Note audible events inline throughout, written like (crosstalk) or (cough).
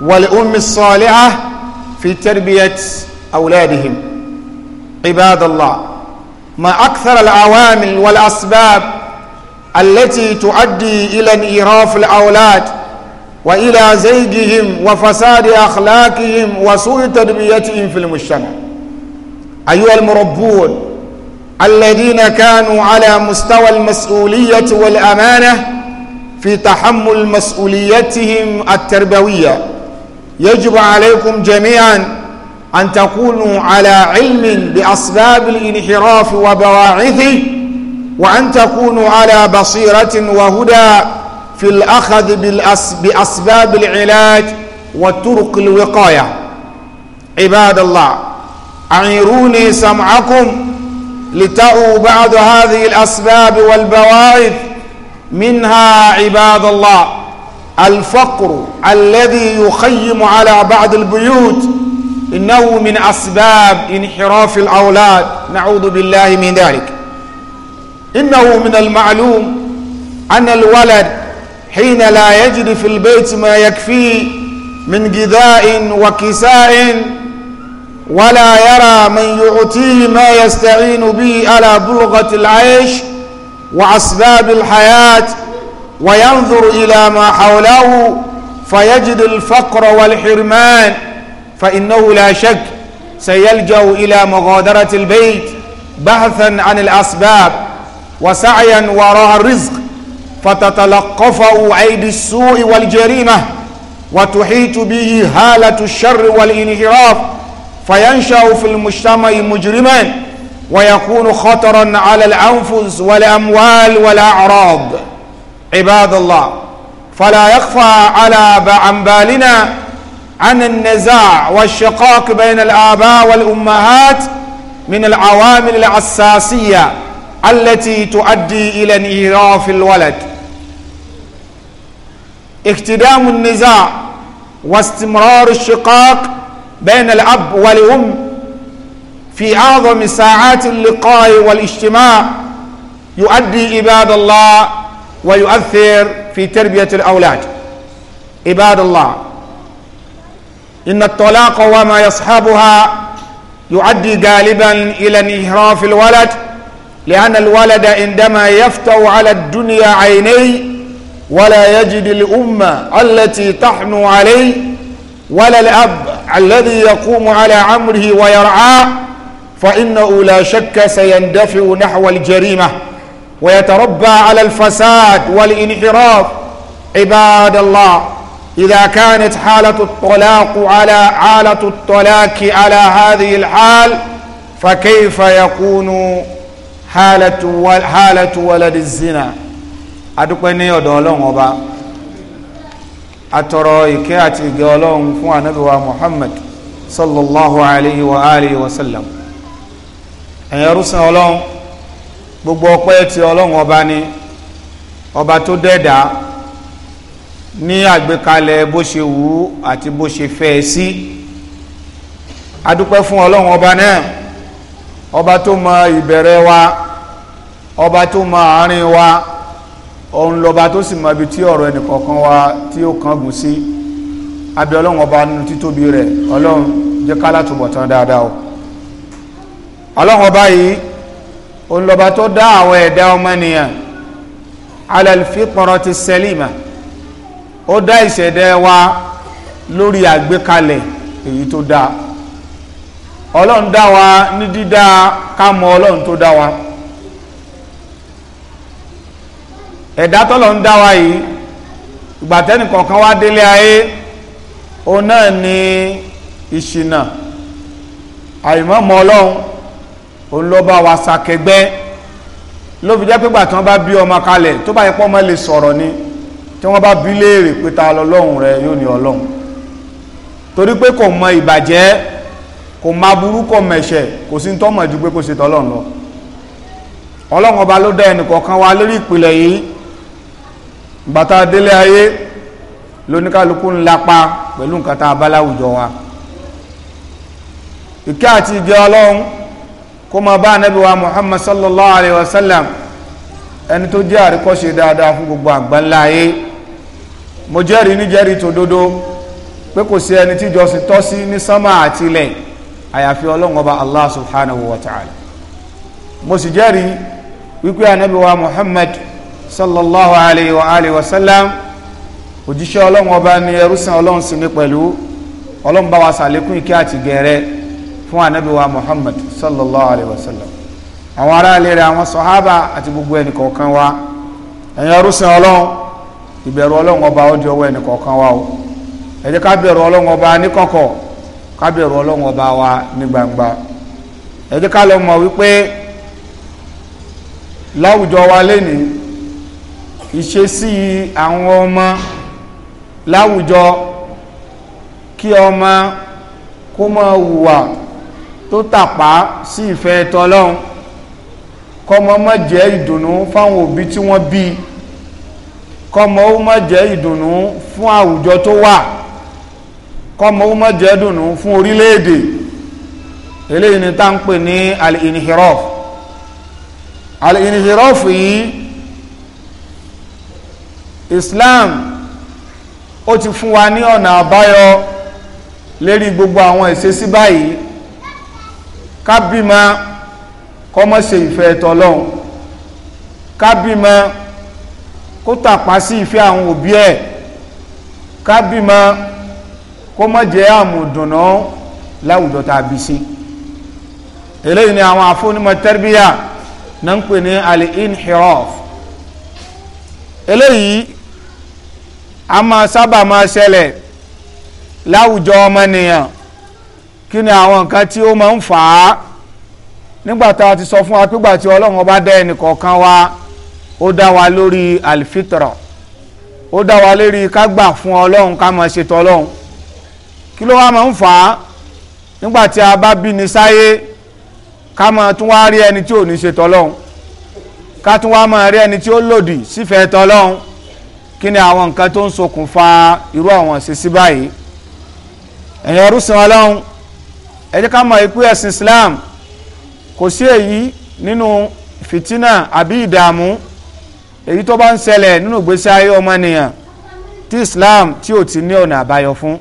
والأم الصالحة في تربية أولادهم عباد الله ما أكثر العوامل والأسباب التي تؤدي إلى انحراف الأولاد وإلى زيجهم وفساد أخلاقهم وسوء تربيتهم في المجتمع أيها المربون الذين كانوا على مستوى المسؤولية والأمانة في تحمل مسؤوليتهم التربوية يجب عليكم جميعا أن تكونوا على علم بأسباب الانحراف وبواعثه وأن تكونوا على بصيرة وهدى في الأخذ بأسباب العلاج وطرق الوقاية عباد الله أعيروني سمعكم لتأوا بعض هذه الأسباب والبواعث منها عباد الله الفقر الذي يخيم على بعض البيوت إنه من أسباب انحراف الأولاد نعوذ بالله من ذلك إنه من المعلوم أن الولد حين لا يجد في البيت ما يكفيه من غذاء وكساء ولا يرى من يعطيه ما يستعين به على بلغة العيش وأسباب الحياة وينظر إلى ما حوله فيجد الفقر والحرمان فإنه لا شك سيلجأ إلى مغادرة البيت بحثا عن الأسباب وسعيا وراء الرزق فتتلقفه أيدي السوء والجريمة وتحيط به هالة الشر والانحراف فينشأ في المجتمع مجرما ويكون خطرا على الأنفس والأموال والأعراض عباد الله فلا يخفى على عن بالنا عن النزاع والشقاق بين الآباء والأمهات من العوامل الأساسية التي تؤدي إلى انحراف الولد اكتدام النزاع واستمرار الشقاق بين الأب والأم في أعظم ساعات اللقاء والاجتماع يؤدي عباد الله ويؤثر في تربية الأولاد عباد الله إن الطلاق وما يصحبها يؤدي غالبا إلى انحراف الولد لأن الولد عندما يفتو على الدنيا عينيه ولا يجد الأمة التي تحنو عليه ولا الأب الذي يقوم على عمره ويرعاه فإنه لا شك سيندفع نحو الجريمة ويتربى على الفساد والانحراف عباد الله إذا كانت حالة الطلاق على حالة الطلاق على هذه الحال فكيف يكون حالة حالة ولد الزنا adúpẹ́ ní ọ̀dọ̀ ọlọ́run ọba atọrọ ìkẹ́ àti ìgẹ́ ọlọ́run fún anábíwa muhammad sallallahu alayhi wa alihi wa sallam ẹ̀yẹrúsàn ọlọ́run gbogbo ọpẹ́ ti ọlọ́run ọba ni ọba tó dẹ́dà ní àgbékalẹ̀ bó ṣe wù ú àti bó ṣe fẹ́ ẹ sí adúpẹ́ fún ọlọ́run ọba náà ọba tó mọ ìbẹ̀rẹ̀ wa ọba tó mọ àárín wa òun lọba tó sì mọ ibi tí ọ̀rọ̀ ẹnìkọ̀ọ̀kan wa tí ó kángun sí abẹ́ ọlọ́run ọba nínú títóbi rẹ̀ ọlọ́run jẹ́ ká látúbọ̀ tán dáadáa o ọlọ́run ọba yìí òun lọ́ba tó dá àwọn ẹ̀dá ọmọnìyàn alẹ́lifípọ̀rọ̀ ti sẹ́lìmà ó dá ìṣẹ̀dẹ̀ wa lórí àgbékalẹ̀ èyí tó dá ọlọ́run dá wa ní dídá ká mọ ọlọ́run tó dá wa ẹ̀dá tọ́lọ̀ ń dá wa yìí ìgbàtẹ́nì kọ̀ọ̀kan wá délé ayé òun náà ni ìṣìnà àìmọ́mọ́ ọlọ́run òun ló bá wa sàkẹgbẹ́ ló fi jẹ́ pé gbà tí wọ́n bá bí ọmọ kalẹ̀ tó bá yẹ pé ọmọ lè sọ̀rọ̀ ni tí wọ́n bá bí léèrè pé ta lọ́lọ́run rẹ yóò ní ọlọ́run torí pé kò mọ ìbàjẹ́ kò má burú kò mẹ̀ṣẹ̀ kò sí tọ́mọ̀ ju pé kò ṣe tọ́lọ́run lọ ọlọ́run ọba ló dá ẹnì kọ̀ọ̀kan lórí ìpìlẹ̀ yìí bàtà délé ayé lóníkálukú ńlapa pẹ̀lú nǹkan tá a bá láwùjọ wa ìkẹ́ àti ìjẹ ọlọ́run kó máa bá ànábì wa muhammad sallallahu alayhi wa sallam ẹni tó jẹ́ àríkọ́ṣe dáadáa fún gbogbo àgbáńlá ayé mo jẹ́rìí ní jẹ́rìí tòdodo pé kò sí ẹni tí jọ́sìn tọ́ sí ní sánmà àti ilẹ̀ àyàfi ọlọ́run ọba allah subhanahu wa ta'ala mo sì jẹ́rìí wípé ànábì wa muhammad sallallahu alayhi wa alihi wa sallam òjíṣẹ́ ọlọ́run ọba ni ẹrú ọlọ́run sí ní pẹ̀lú ọlọ́run bá wa ṣàlékún ìkẹ́ àti gẹ̀rẹ́ fún anabi wa muhammad sallallahu alayhi wa sallam àwọn aráàlú rẹ̀ àwọn sọ̀hábà àti gbogbo ẹnì kọ̀ọ̀kan wa ẹ̀yin arúsìn ọlọ́run ìbẹ̀rù ọlọ́run ọba ó di ọwọ́ ẹnì kọ̀ọ̀kan wa o ẹ jẹ́ ká bẹ̀rù ọlọ́run ọba níkọ̀kọ̀ ká bẹ̀rù ọlọ́run ọba wa ní gbangba ẹ jẹ́ ká lọ mọ̀ wípé láwùjọ wa lénìí ìṣesí àwọn ọmọ láwùjọ kí ọmọ kó máa hùwà tó tàpá sí ìfẹ́ tọ́lọ́run kọmọ má jẹ́ ìdùnnú fáwọn òbí tí wọ́n bí kọmọ ó má jẹ́ ìdùnnú fún àwùjọ tó wà kọmọ ó má jẹ́ ìdùnnú fún orílẹ̀-èdè eléyìí ni tá ń pè ní al-inhiraf al-inhiraf yìí Islam ó ti fún wa ní ọ̀nà àbáyọ lérí gbogbo àwọn ìṣesí báyìí ká bímọ kọ́mọ́ ṣe ìfẹ́ tọ́lọ́hun ká bímọ kó tàpá sí ìfẹ́ àwọn òbí ẹ̀ ká bímọ kó mọ́ jẹ́ àmùdùnà láwùjọ tá a bí sí eléyìí ni àwọn afúnimọ̀ tẹ́rbíyà náà ń pè ní al-inhiraf eléyìí a máa sábà máa ṣẹlẹ̀ láwùjọ ọmọnìyàn kí ni àwọn nǹkan tí ó máa ń fà á nígbà tá a ti sọ fún wa pígbà tí ọlọ́run ọba dá ẹnì kọ̀ọ̀kan wa ó dá wa lórí àlìfítọ̀rọ̀ ó dá wa lérí ká gbà fún ọlọ́run ká máa ṣètò ọlọ́run kí ló wá máa ń fà á nígbà a bá bí ni sáyé ká máa tún wá rí ẹni tí ò ní ṣètò ọlọ́run ká tún wá máa rí ẹni tí ó lòdì sífẹ̀ẹ́ tọ́lọ́run kí ni àwọn nǹkan tó ń ṣokùnfà irú àwọn ṣe sí báyìí ẹ̀yin ọdún ọlọ́run ẹ ká mọ̀ Islam kò sí èyí nínú fìtínà àbí ìdààmú èyí tó bá ń ṣẹlẹ̀ nínú ìgbésí ayé ọmọnìyàn tí Islam tí ò ti ní ọ̀nà àbáyọ fún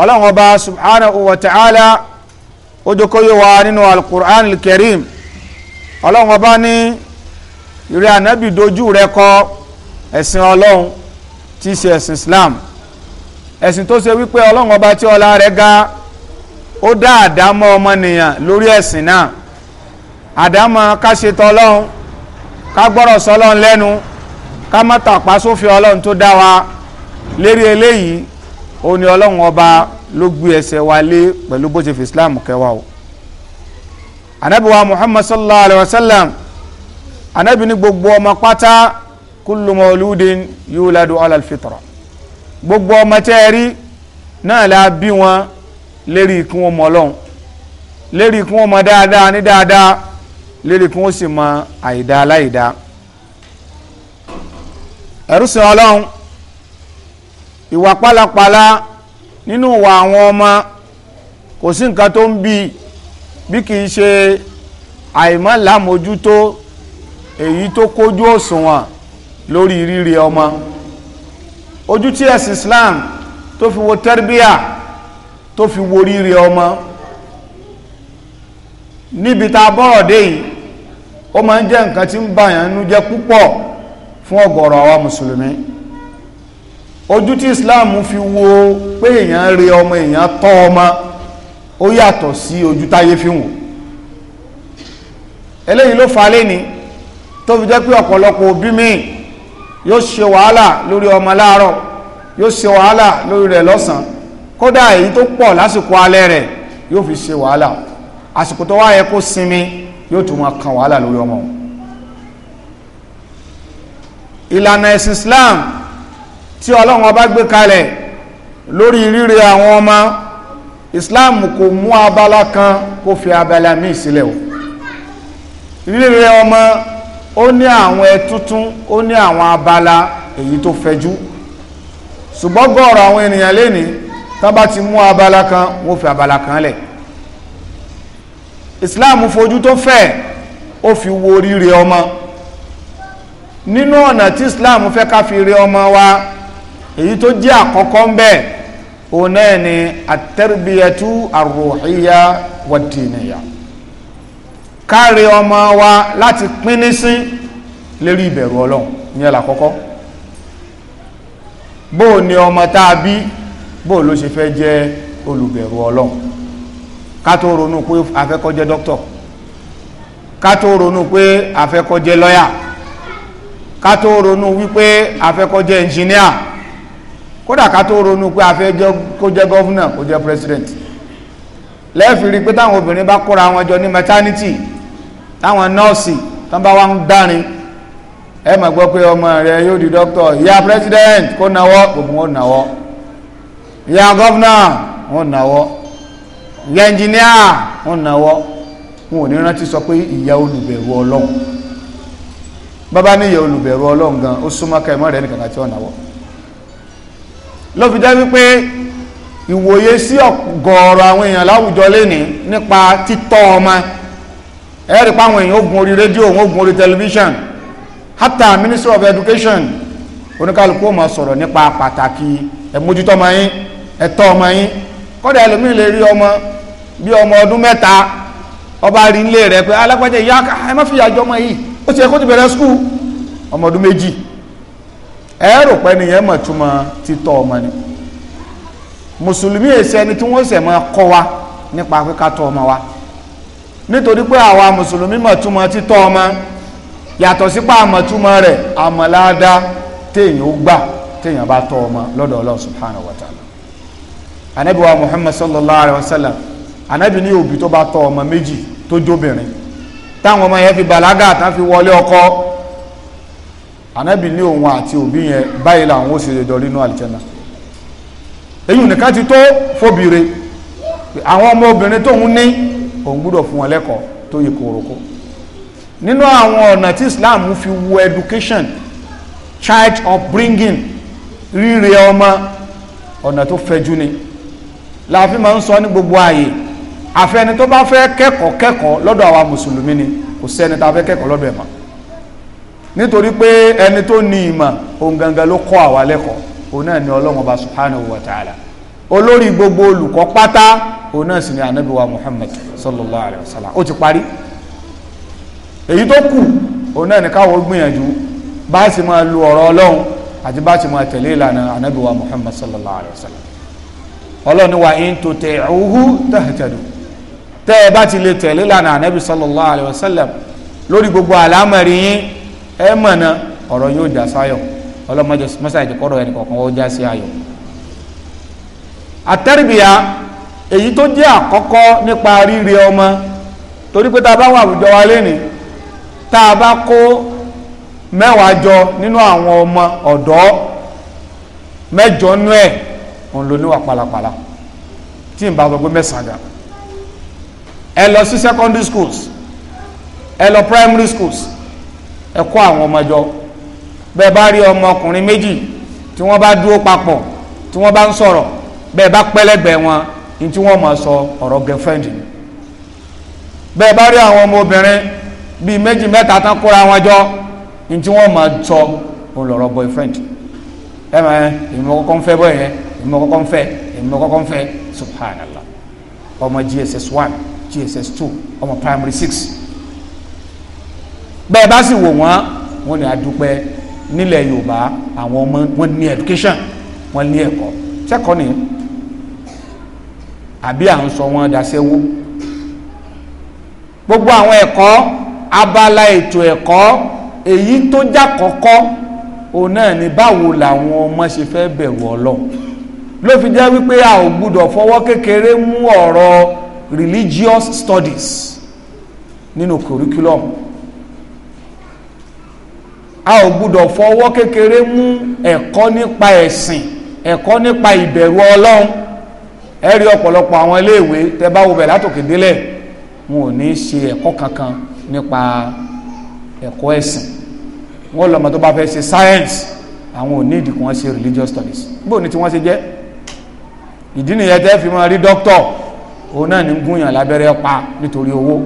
ọlọ́run ọba subhanahu wa ta'ala ó n'inu wa nínú al karim ọlọ́run ọba ní ìrẹ́ ànábì dojú rẹ kọ ẹ̀sìn ọlọ́run tí í ṣe ẹ̀sìn Islam ẹ̀sìn tó ṣe ọba tí ọlá ga ó dá àdámọ́ ọmọnìyàn lórí ẹ̀sìn náà àdámọ́ ká ṣe tọ́lọ́hún ká gbọ́rọ̀ sọ́lọ́hún lẹ́nu ká má tàpá sófin ọlọ́run tó dá wa lérí eléyìí ó ní ọlọ́run ọba ló gbé ẹsẹ̀ wa lé pẹ̀lú bó ṣe fi islam kẹwàá o anabiwa muhammad sallallahu alayhi wa sallam anabi ní gbogbo ọmọ pátá kullu mawludin yuladu ala alfitra gbogbo ọmọ tẹ́ ẹ rí náà la bí wọn lérí kí wọ́n mọ ọlọ́run lérí kí wọ́n mọ dáadáa ní dáadáa lérí kí wọ́n sì mọ àìdá aláìdá ẹ̀rú sìn ọlọ́run ìwà pálapàla nínú ìwà àwọn ọmọ kò sí nǹkan tó ń bí bí kì í ṣe àìmọ́ lámójútó èyí tó kójú òṣùwọ̀n lórí rírí ọmọ ojú tí ẹ̀sìn Islam tó fi wo tẹ́rbíà tó fi woríire ọmọ níbi ta bọ́ọ̀dé yìí ó máa ń jẹ́ nǹkan tí ń bàyàn nú jẹ́ púpọ̀ fún ọ̀gọ̀rọ̀ àwa mùsùlùmí ojú tí Islam fi wo pé èèyàn re ọmọ èèyàn tọ́ ọmọ ó yàtọ̀ sí ojú táyé fi wò eléyìí ló fa léni tó fi jẹ́ pé ọ̀pọ̀lọpọ̀ òbí míì yóò ṣe wàhálà lórí ọmọ láàárọ̀ yóò ṣe wàhálà lórí rẹ̀ lọ́sàn-án kódà èyí tó pọ̀ lásìkò alẹ́ rẹ̀ yóò fi ṣe wàhálà àsìkò tó wá yẹ kó sinmi yóò tún máa kan wàhálà lórí ọmọ ìlànà ẹ̀sìn Islam tí Ọlọ́run ọba gbé kalẹ̀ lórí rírẹ àwọn ọmọ Islam kò mú abala kan kó fi abala míì sílẹ̀ o rírẹ ọmọ ó ní àwọn ẹtútún ó ní àwọn abala èyí tó fẹjú ṣùgbọ́n gọ́ọ̀rọ̀ àwọn ènìyàn lénìí tán bá ti mú abala kan wọ́n fi abala kan lẹ̀ islam fojú tó fẹ̀ ó fi wo rírẹ ọmọ nínú ọ̀nà tí islam fẹ́ ká fi rẹ ọmọ wa èyí tó jẹ́ àkọ́kọ́ ń bẹ̀ òun náà ni àtẹ́rìbíyẹtú àròhíyá wàdìnìyà káre ọmọ wa láti pín ní sí lérí ìbẹ̀rù ọlọ́run ní ẹ̀là kọ́kọ́ bóò ni ọmọ tá a bí bó ló ṣe fẹ́ jẹ́ olùbẹ̀rù ọlọ́run ká tó ronú pé afẹ́kọ́jẹ́ dókítọ̀ ká tó ronú pé afẹ́kọ́jẹ́ lọ́yà ká tó ronú wípé afẹ́kọ́jẹ́ ẹnjìníà kódà ká tó ronú pé afẹ́jọ́ kó jẹ́ gọ́vùnà kó jẹ́ president lẹ́ẹ̀fì rí pé táwọn obìnrin bá kóra wọn jọ ní maternity táwọn nọ́ọ̀sì tán bá wá ń dárin ẹ máa gbọ́ pé ọmọ rẹ yóò di dókítọ̀ ìyá president kó nawọ́ gbogbo wọn nawọ́ ya gọvanọ ọ náwọ́ ìyá ẹnjìníà wọn náwọ́ wọn ò ní rántí sọ pé ìyá olùbẹ̀rù ọlọ́run bàbá ní ìyá olùbẹ̀rù ọlọ́run gan ó súnmọ́ ká ẹ̀mọ́ rẹ̀ nìkan tí wọ́n náwọ́ ló fi jẹ́ wípé ìwòye sí ọ̀gọ̀ọ̀rọ̀ àwọn èèyàn láwùjọ nípa títọ́ ọmọ èèyàn ogun orí rédíò ogun orí tẹlifíṣàn hata ministry of education oníkálukú sọ̀rọ̀ ẹ̀tọ́ ọmọ yín kọ́dà ẹlòmíì lè rí ọmọ bí ọmọ ọdún mẹ́ta ọba rí nílé rẹ̀ pé alápàjẹ́ ah, ìyá ah, ẹ má fi àjọ ọmọ yìí ó ti yẹ kó ti bẹ̀rẹ̀ skul ọmọ ọdún méjì ẹ ni mùsùlùmí èsì ẹni tí wọ́n wa nípa pé ká wa nítorí pé àwa mùsùlùmí mọ̀ ọmọ yàtọ̀ sípà rẹ̀ téèyàn gbà téèyàn bá ọmọ lọ́dọ̀ Ọlọ́run anabi wa muhammad sallallahu alayhi wa sallam anabi ní òbí tó bá tọ́ ọmọ méjì tó jóbìnrin táwọn ọmọ yẹn fi bàlágà tán fi wọlé ọkọ anabi ní òun àti òbí yẹn báyìí làwọn ó ṣe dọrí inú àlìjẹnà èyí nìkan ti tó fóbìrè àwọn ọmọ obìnrin tóun ní òun gbúdọ̀ fún wọn lẹ́kọ̀ọ́ tó yẹ kòrókó nínú àwọn ọ̀nà tí islam fi wo education child upbringing rírẹ ọmọ ọ̀nà tó fẹjú ni la fi máa ń sọ ní gbogbo ààyè àfẹni tó bá fẹ́ kẹ́kọ̀ọ́ kẹ́kọ̀ọ́ lọ́dọ̀ àwa mùsùlùmí ni kò sẹ́ni tá a fẹ́ kẹ́kọ̀ọ́ lọ́dọ̀ ẹ̀ mọ́ nítorí pé ẹni tó ní ìmọ̀ òun gangan ló kọ́ àwa lẹ́kọ̀ọ́ òun náà ni ọlọ́run ọba subhanahu wa ta'ala olórí gbogbo olùkọ́ pátá òun náà sì ni anabi wa muhammad sallallahu alayhi wa sallam ó ti parí èyí tó kù òun náà ni káwọn gbìyànjú bá a sì máa lu ọ̀rọ̀ ọlọ́run àti bá a sì máa tẹ̀lé ìlànà anabi wa sallallahu alayhi wa sallam ọlọ́run ni wà in tuti'uhu tahtadu tẹ́ ẹ bá ti lè tẹ̀lé lànà ànábì sallallahu alayhi wa sallam lórí gbogbo àlámọ̀rí yín ẹ mọ̀nà ọ̀rọ̀ yóò já sáyọ̀ ọlọ́mọdé mọ́sáàjì kọ́rọ̀ ẹnì kọ̀ọ̀kan ó já sí ayọ̀ àtẹ́rìbìyà èyí tó jẹ́ àkọ́kọ́ nípa ríre ọmọ torí pé tá a bá wà àwùjọ wa lénìí tá a bá kó mẹ́wàá jọ nínú àwọn ọmọ ọ̀dọ́ mẹ́jọ nú ẹ̀ òun ló níwà pàlàpàlà tí n bá sọ pé mẹ́sàn-án gan ẹ lọ sí secondary schools ẹ lọ primary schools ẹ kó àwọn ọmọ jọ bẹ́ẹ̀ bá rí ọmọkùnrin méjì tí wọ́n bá dúró papọ̀ tí wọ́n bá ń sọ̀rọ̀ bẹ́ẹ̀ bá pẹ́lẹ́gbẹ̀ẹ́ wọn ní tí wọ́n máa sọ ọ̀rọ̀ girlfriend ni bẹ́ẹ̀ bá rí àwọn ọmọ obìnrin bíi méjì mẹ́ta tán kóra wọn jọ ní tí wọ́n máa sọ òun lọ̀rọ̀ boyfriend ẹ mọ̀ ẹ́ ìmọ̀ kọ́kọ́ ń fẹ́ bọ́ yẹn èmi kọ́kọ́ ń fẹ́ èmi kọ́kọ́ ń fẹ́ subhanallah ọmọ gss one gss two ọmọ primary six bẹ́ẹ̀ bá sì wò wọ́n wọ́n ni adúpẹ́ nílẹ̀ yorùbá àwọn ọmọ wọn ní education wọn ní ẹ̀kọ́ sẹ́kọ̀ọ́ ni àbí à ń sọ wọn daṣẹ́wó gbogbo àwọn ẹ̀kọ́ abala ètò ẹ̀kọ́ èyí tó jà kọ́kọ́ òun náà ni báwo làwọn ọmọ ṣe fẹ́ bẹ̀rù ọlọ́run ló fi jẹ́ wípé a ò gbúdọ̀ fọwọ́ kékeré mú ọ̀rọ̀ religious studies nínú curriculum a ò gbúdọ̀ fọwọ́ kékeré mú ẹ̀kọ́ nípa ẹ̀sìn ẹ̀kọ́ nípa ìbẹ̀rù ọlọ́run ẹ rí ọ̀pọ̀lọpọ̀ àwọn iléèwé tẹ bá wo bẹ̀ látòkè délẹ̀ wọn ò ní ṣe ẹ̀kọ́ kankan nípa ẹ̀kọ́ ẹ̀sìn wọn lọ́mọ tó bá fẹ́ ṣe science àwọn ò ní ìdí kí ṣe religious studies bóò ní tí wọ́n ṣe jẹ́ ìdí nìyẹn tẹ́ fi máa rí dókítọ̀ òun náà ní gúnyàn lábẹ́rẹ́ pa nítorí owó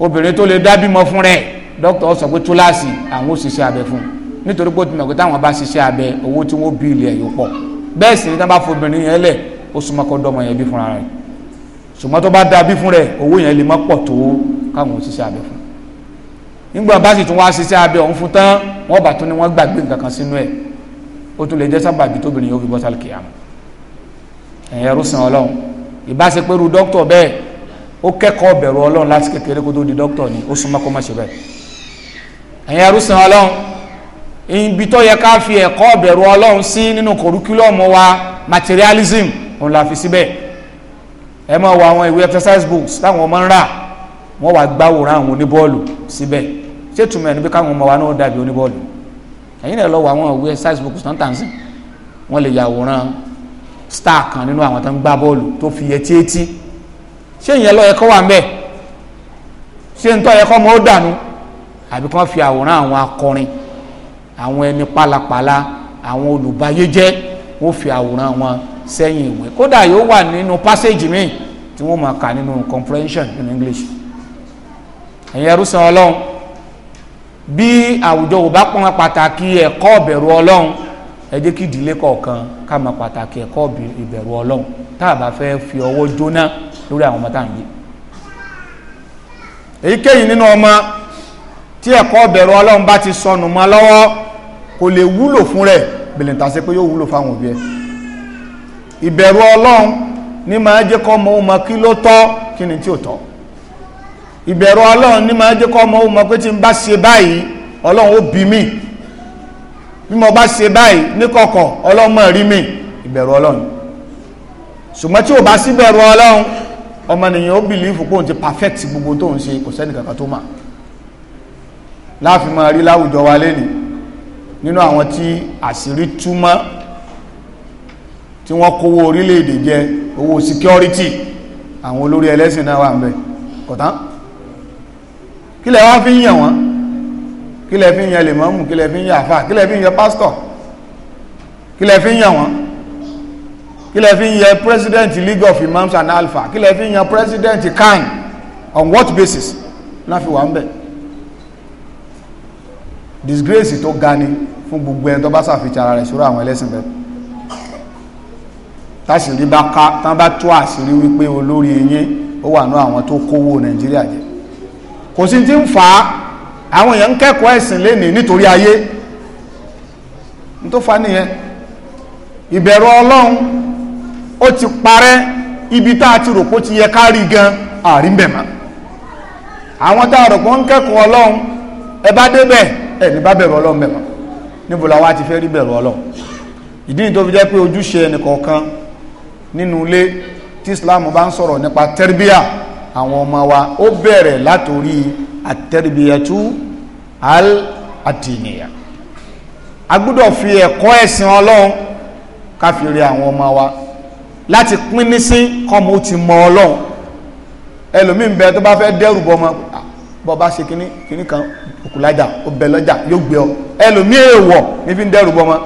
obìnrin tó lè dábìmọ fún rẹ̀ dókítọ̀ sọ pé túláàsì àwọn ò ṣiṣẹ́ abẹ fún nítorí pé ó ti mọ̀ pé táwọn bá ṣiṣẹ́ abẹ owó tí wọ́n bí ilẹ̀ yóò pọ̀ bẹ́ẹ̀ sì ni tí wọ́n bá fobìnrin yẹn lẹ̀ ó súnmọ́ kó dọ́mọ yẹn bí fúnra rẹ̀ ṣùgbọ́n tó bá da bí fún rẹ̀ owó yẹn lè má pọ̀ tó káwọn ò abẹ fún nígbà bá sì tún wá ṣiṣẹ́ abẹ ọ̀hún fún tán wọ́n bá tún ní wọ́n gbàgbé nǹkan kan sínú ẹ̀ ó tún lè jẹ́ sábàbí tóbìnrin yóò fi bọ́ sálì kìyàmù ẹ̀yẹ rúsàn ọlọ́run ìbáṣepẹ̀rù dókítọ̀ bẹ́ẹ̀ ó kẹ́kọ̀ọ́ bẹ̀rù ọlọ́run láti kékeré kó tó di dókítọ̀ ni ó súnmọ́ kó má ṣe bẹ́ẹ̀ ẹ̀yẹ rúsàn ọlọ́run ibi tó yẹ ká fi ẹ̀kọ́ bẹ̀rù ọlọ́run sí nínú kòrúkúlọ̀mù wa materialism òun la fi síbẹ̀ ẹ máa wọ àwọn ìwé exercise books táwọn ọmọ ń rà wọ́n wá gbáwòrán àwọn oníbọ́ọ̀lù síbẹ̀ ṣé túmọ̀ ẹni bí káwọn ọmọ wa náà exercise books náà tàn sí star kan nínú àwọn tó ń gbá bọ́ọ̀lù tó fi etí etí ṣé ìyẹn ló yẹ wà ń ṣé ń tọ́ yẹ kó ó dànù àbí kó fi àwòrán àwọn akọrin àwọn ẹni pálapàla àwọn olùbáyéjẹ́ wọ́n fi àwòrán wọn sẹ́yìn ìwé kódà yóò wà nínú passage mi tí wọ́n máa kà nínú comprehension in English ẹ̀yin ẹrú san ọlọ́run bí àwùjọ ò bá pọn pàtàkì ẹ̀kọ́ ọ̀bẹ̀rù ọlọ́run ẹ jẹ́ kí ìdílé kọ̀ọ̀kan ká máa pàtàkì ẹ̀kọ́ ìbẹ̀rù ọlọ́run tá a bá fẹ́ fi ọwọ́ jóná lórí àwọn ọmọ tá à gbé èyíkéyìí nínú ọmọ tí ẹ̀kọ́ ìbẹ̀rù ti sọnù mọ́ lọ́wọ́ kò lè wúlò fún rẹ̀ bẹ̀lẹ̀ ta sí pé yóò wúlò fáwọn òbí ẹ̀ ìbẹ̀rù ọlọ́run ní máa jẹ́ kọ́ ọmọ kí ló tọ́ kí ni tí ò tọ́ ìbẹ̀rù ọlọ́run ní máa jẹ́ kọ́ ọmọ pé bí mo bá ṣe báyìí níkọ̀kọ̀ ọlọ́mọ rí mi ìbẹ̀rù ọlọ́run ṣùgbọ́n tí ò bá sí bẹ̀rù ọlọ́run ọmọnìyàn ó bìlífù pé òun ti perfect gbogbo tó ń ṣe kò sẹ́ni kankan tó mà láàfin máa rí láwùjọ wa lẹ́nu nínú àwọn tí àṣírí túmọ̀ tí wọ́n kówó orílẹ̀-èdè jẹ owó security àwọn olórí ẹlẹ́sìn náà wà ń bẹ̀ kọ̀tán kí wá fi ń yàn wọ́n kí lẹ fi ń yan lèmọ́mù kí lẹ fi ń yan àfà kí lẹ fi ń yan pásítọ̀ kí fi ń yan wọn kí fi ń yan president league of imams and alpha kí lẹ fi ń yan president kan on what basis náà fi wà ń bẹ̀ disgrace tó ga ni fún gbogbo ẹni tó bá ṣàfihàn ara rẹ̀ sórí àwọn ẹlẹ́sìn bẹ́ẹ̀ tásìrí bá ká tán bá tú àṣírí wípé olórí yín ó wà ní àwọn tó kówó nàìjíríà jẹ kò sí ti ń fà á àwọn èèyàn ń kẹ́kọ̀ọ́ ẹ̀sìn lénìí nítorí ayé tó fa nìyẹn ìbẹ̀rù ọlọ́run ó ti parẹ́ ibi tá a ti rò pé ó ti yẹ ká rí gan àrí mbẹ̀ mọ́ àwọn tá a rò pé ń kẹ́kọ̀ọ́ ọlọ́run ẹ bá débẹ̀ ẹ ní bá bẹ̀rù ọlọ́run bẹ̀ mọ́ wá ti fẹ́ rí bẹ̀rù ọlọ́run ìdí ni tó fi jẹ́ pé ojúṣe ẹnìkọ̀ọ̀kan nínú ilé tí Islam bá ń sọ̀rọ̀ nípa tẹ́rbíà àwọn ọmọ wa ó bẹ̀rẹ̀ látòrí àtẹ̀rìbìyàtú al àtìníyà a gbọ́dọ̀ fi ẹ̀kọ́ ẹ̀sìn ọlọ́run ká fi àwọn ọmọ wa láti pín ní sí kọ́mọ ó ti mọ ọlọ́run ẹlòmíín bẹ tó bá fẹ́ dẹ́rù bọ́ ọmọ ah, bọ́ bá ṣe kínní kínní kan òkúlájà ó bẹ lọ́jà yóò gbé ọ ẹlòmíín èèwọ̀ ní fi ń dẹ́rù bọ́ ọmọ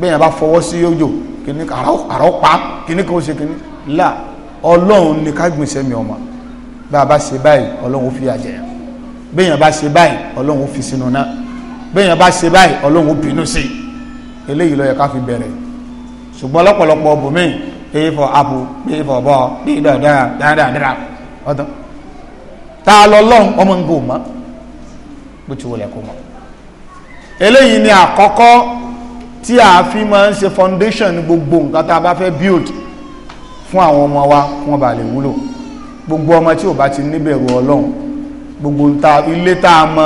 bẹ́ẹ̀ yẹn bá fọwọ́ sí yóò jò kìnní àrà ọ̀pá kìnní kan ó ṣe kìnní là ọlọ́run ní ká gbìnsẹ́ mi ọmọ bá a bá ṣe báyìí ọlọ́run ó fi àjẹyàn bẹ́ẹ̀yàn bá ṣe báyìí ọlọ́run ó fi sínú náà bẹ́ẹ̀yàn bá ṣe báyìí ọlọ́run ó bínú sí eléyìí ló ká fi bẹ̀rẹ̀ ṣùgbọ́n lọ́pọ̀lọpọ̀ ọbùnmí pay for apple pay for ball pay dáadáa dáadáa ọ̀tọ̀ tá a lọ lọ́run ọmọ nǹkan ò mọ́ bó ti wọlé kó mọ́ eléyìí ni àkọ́kọ́ tí a fi máa ń ṣe foundation gbogbo nǹkan tá a bá fẹ́ build fún àwọn ọmọ wa kí wọ́n bá lè wúlò gbogbo ọmọ tí ò bá ti níbẹ̀rù ọlọ́run gbogbo ń ta ilé tá a mọ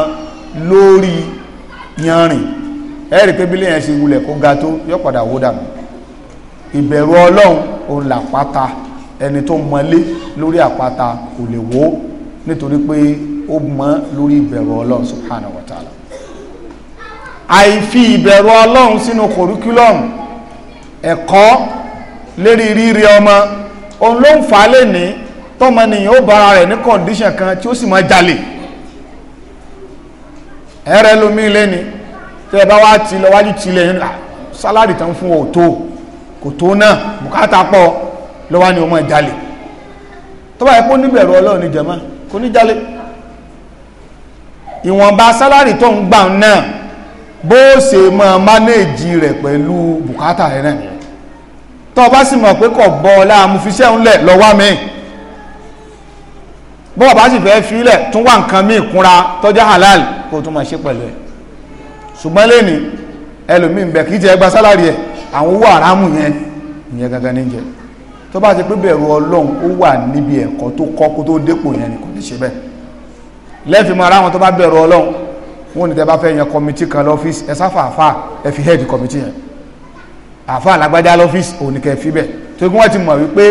lórí yanrìn ẹ̀rì pé bílẹ̀ yẹn ṣe wulẹ̀ kó ga tó yọ padà wó dànù ìbẹ̀rù ọlọ́run òun làpáta ẹni tó mọlé lórí àpáta kò lè wó nítorí pé ó mọ lórí ìbẹ̀rù ọlọ́run subhanahu wa ta'ala àìfi ìbẹ̀rù ọlọ́run sínú curriculum ẹ̀kọ́ lérí rírí ọmọ òun ló ń fà á ní tọ́mọnìyàn ó bára rẹ̀ ní kọ̀ǹdíṣàn kan tí ó sì máa jalè ẹ̀rẹ́ lómi lẹ́ni tẹ́ bá wá ti lọ wájú ti lẹ́yìn sálárì tán fún òtó kò tó náà bùkátà pọ̀ lọ́wọ́ ni ó máa jalè tó bá yẹ kó níbẹ̀rù ọlọ́run ní jẹ̀mọ́ kò ní jalè ìwọ̀nba sálárì tó ń gbà náà bó ṣe máa mánéèjì rẹ̀ pẹ̀lú bùkátà rẹ̀ náà tó bá sì mọ̀ pé kọ̀ bọ́ láàmú fiṣẹ́ ńlẹ̀ lọ́wọ́ mi bọ́ọ̀ bá sì fẹ́ filẹ̀ tún wà nǹkan míì kúnra tọ́já halal kó tún máa ṣe pẹ̀lú ẹ̀ ṣùgbọ́n lẹ́ni ẹlòmíì ń bẹ kí jẹ́ gba sálárì ẹ̀ àwọn owó àrámù yẹn ìyẹn gangan ní jẹ tó bá ti pé bẹ̀rù ọlọ́run ó wà níbi ẹ̀kọ́ tó kọ́ kó tó dépò yẹn ni kò ní ṣe bẹ́ẹ̀ lẹ́fìmọ̀ ara wọn tó bá bẹ̀rù ọlọ́run wọn ni tẹ́ bá fẹ́ yan kọmitì kan lọ́fíìsì ẹ sáfà àfà ẹ fi head kọmitì yẹn àfà alágbájá lọ́fíìsì òun ni kẹ́ fi bẹ́ẹ̀ tó kí wọ́n ti mọ̀ wípé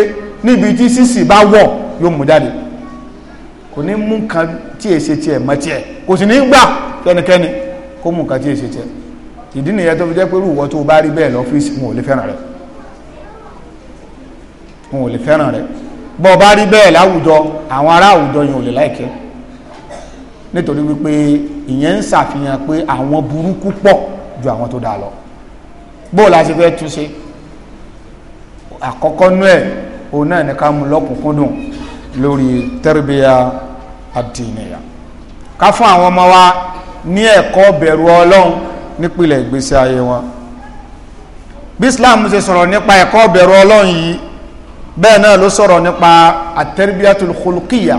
níbi tí sísì bá wọ̀ yóò mú jáde kò ní mú nǹkan tí èsì tiẹ̀ mọ́ tiẹ̀ kò sì ní gbà kẹ́nikẹ́ni kó mú nǹkan tí èsì tiẹ̀ ìdí nìyẹn tó fi jẹ́ pé rúwọ́ tó bá rí bẹ́ẹ̀ lọ́fíìsì wọn ò lè fẹ́ràn rẹ̀ wọn ò lè fẹ́ràn rẹ̀ bọ́ bá rí bẹ́ẹ̀ láwùjọ àwọn ará àwùjọ yẹn ò lè láìkẹ́ nítorí wípé ìyẹn ń ṣàfihàn pé àwọn burúkú pọ̀ ju àwọn tó dáa lọ bóò la ṣe fẹ́ tún àkọ́kọ́ nú ẹ̀ òun náà ní ká mú lọ́kùnkúndùn lórí tẹ́rìbíyà àdìnìyà ká fún àwọn ọmọ wa ní ẹ̀kọ́ bẹ̀rù ọlọ́run nípìnlẹ̀ ìgbésí ayé wọn bí islam ṣe sọ̀rọ̀ nípa ẹ̀kọ́ bẹ̀rù ọlọ́run yìí bẹ́ẹ̀ náà ló sọ̀rọ̀ nípa àtẹ́rìbíàtul khuluqiyya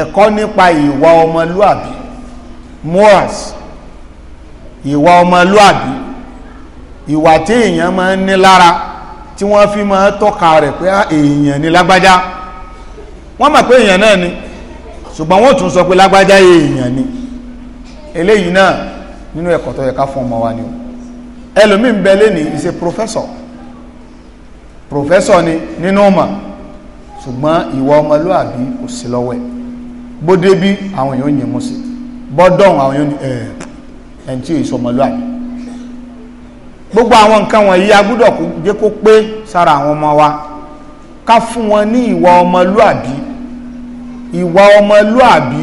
ẹ̀kọ́ nípa ìwà ọmọlúàbí morals ìwà ọmọlúàbí ìwà tí èèyàn máa ń ní lára tí wọ́n fi máa tọ́ka rẹ̀ pé ah, èèyàn ní lágbájá wọ́n mọ̀ pé èèyàn náà ni ṣùgbọ́n wọ́n tún sọ pé lágbájá èèyàn ni eléyìí náà nínú ẹ̀kọ́ tó yẹ ká fún ọmọ wa ni o ẹlòmíín bẹ lẹ́ni ìṣe professor professor ni nínú ọmọ ṣùgbọ́n ìwà ọmọlúàbí kò sí lọ́wọ́ ẹ̀ bóde bí àwọn èèyàn yẹn mú sí bọ́dọ̀n àwọn èèyàn ẹ̀ ẹ̀ tí èso ọmọlúàbí gbogbo àwọn nǹkan wọ̀nyí a gbọ́dọ̀ jẹ́ kó pé sára àwọn ọmọ wa ká fún wọn ní ìwà ọmọlúàbí ìwà ọmọlúàbí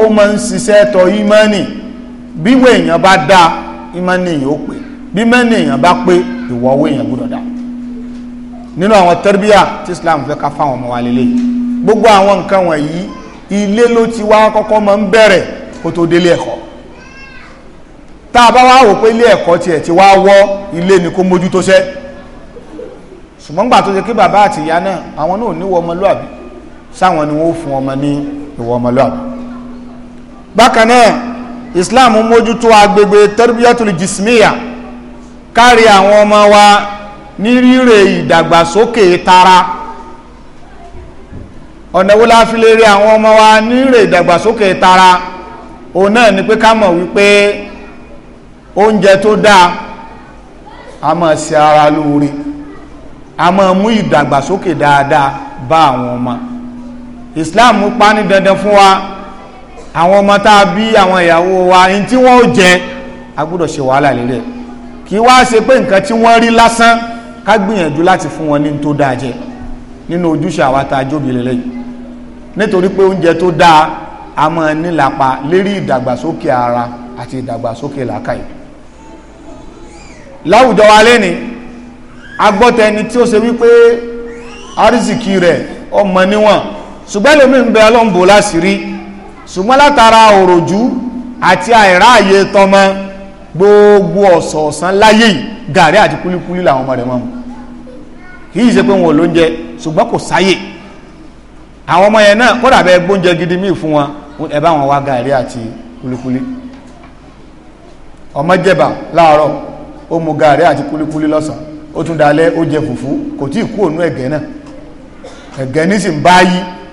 ó máa ń ṣiṣẹ́ tọ ìmánì bíwọ̀ èèyàn bá dá ìmánì èèyàn ó pé bí mẹ́ni èèyàn bá pé ìwà owó èèyàn gbọ́dọ̀ dá nínú àwọn tẹ́rbíà tí Islam fẹ́ ká fáwọn ọmọ wa lélẹ̀ gbogbo àwọn nǹkan wọ̀nyí ilé ló ti wá kọ́kọ́ máa ń bẹ̀rẹ̀ kó tó délé ẹ̀kọ́ tá a bá wá wò pé ilé ẹ̀kọ́ tiẹ̀ ti wá wọ́ ilé ni kó mójútó sẹ́ ṣùgbọ́n gbà tó ṣe kí bàbá àti náà àwọn náà ò níwọ̀ ọmọlúàbí sáwọn ni wọ́n fún ọmọ ní ìwọ ọmọlúwàbí bákan náà islam mójútó agbègbè tarbiyatul jismiya kárí àwọn ọmọ wa ní rírè ìdàgbàsókè tara ọ̀nà wo la fi lè rí àwọn ọmọ wa ní rírè ìdàgbàsókè tara òun náà ni pé ká mọ̀ wípé oúnjẹ tó dáa a máa ṣe ara lóore a máa mú ìdàgbàsókè dáadáa bá àwọn ọmọ islam pani ní dandan fún wa àwọn ọmọ tá a bí àwọn ìyàwó wa ní tí wọ́n ó jẹ a gbọ́dọ̀ ṣe wàhálà lérè kí wá ṣe pé nǹkan tí wọ́n rí lásán ká gbìyànjú láti fún wọn ní tó dáa jẹ nínú ojúṣe àwa tá a jóbi nítorí pé oúnjẹ tó dáa a máa nílapa lérí ìdàgbàsókè ara àti ìdàgbàsókè làákàyè láwùjọ wa lẹ́ni agbọ́tẹni tí ó ṣe wípé arísìkì rẹ̀ ọmọ níwọ̀n ṣùgbọ́n lómi ń bẹ ọlọ́mbò láṣìírí ṣùgbọ́n látara òròjú àti àìráàyè tọmọ gbogbo ọ̀sọ̀ọ̀sán láyé gàrí àti kúlíkúlí làwọn ọmọ rẹ̀ mọ́ kìí ṣe pé wọn ò lóúnjẹ ṣùgbọ́n kò sáyè àwọn ọmọ yẹn náà kódà bẹ gbóúnjẹ gidi míì fún wọn ẹ bá wọn wá gàrí àti kúlíkúlí ọmọ jẹba láàárọ̀ ó mu gàrí àti kúlíkúlí lọ́sàn ó tún dalẹ́ ó jẹ fùfú kò tí ì kú òun ẹ̀gẹ́ náà ẹ̀gẹ́ ní sì ń báyìí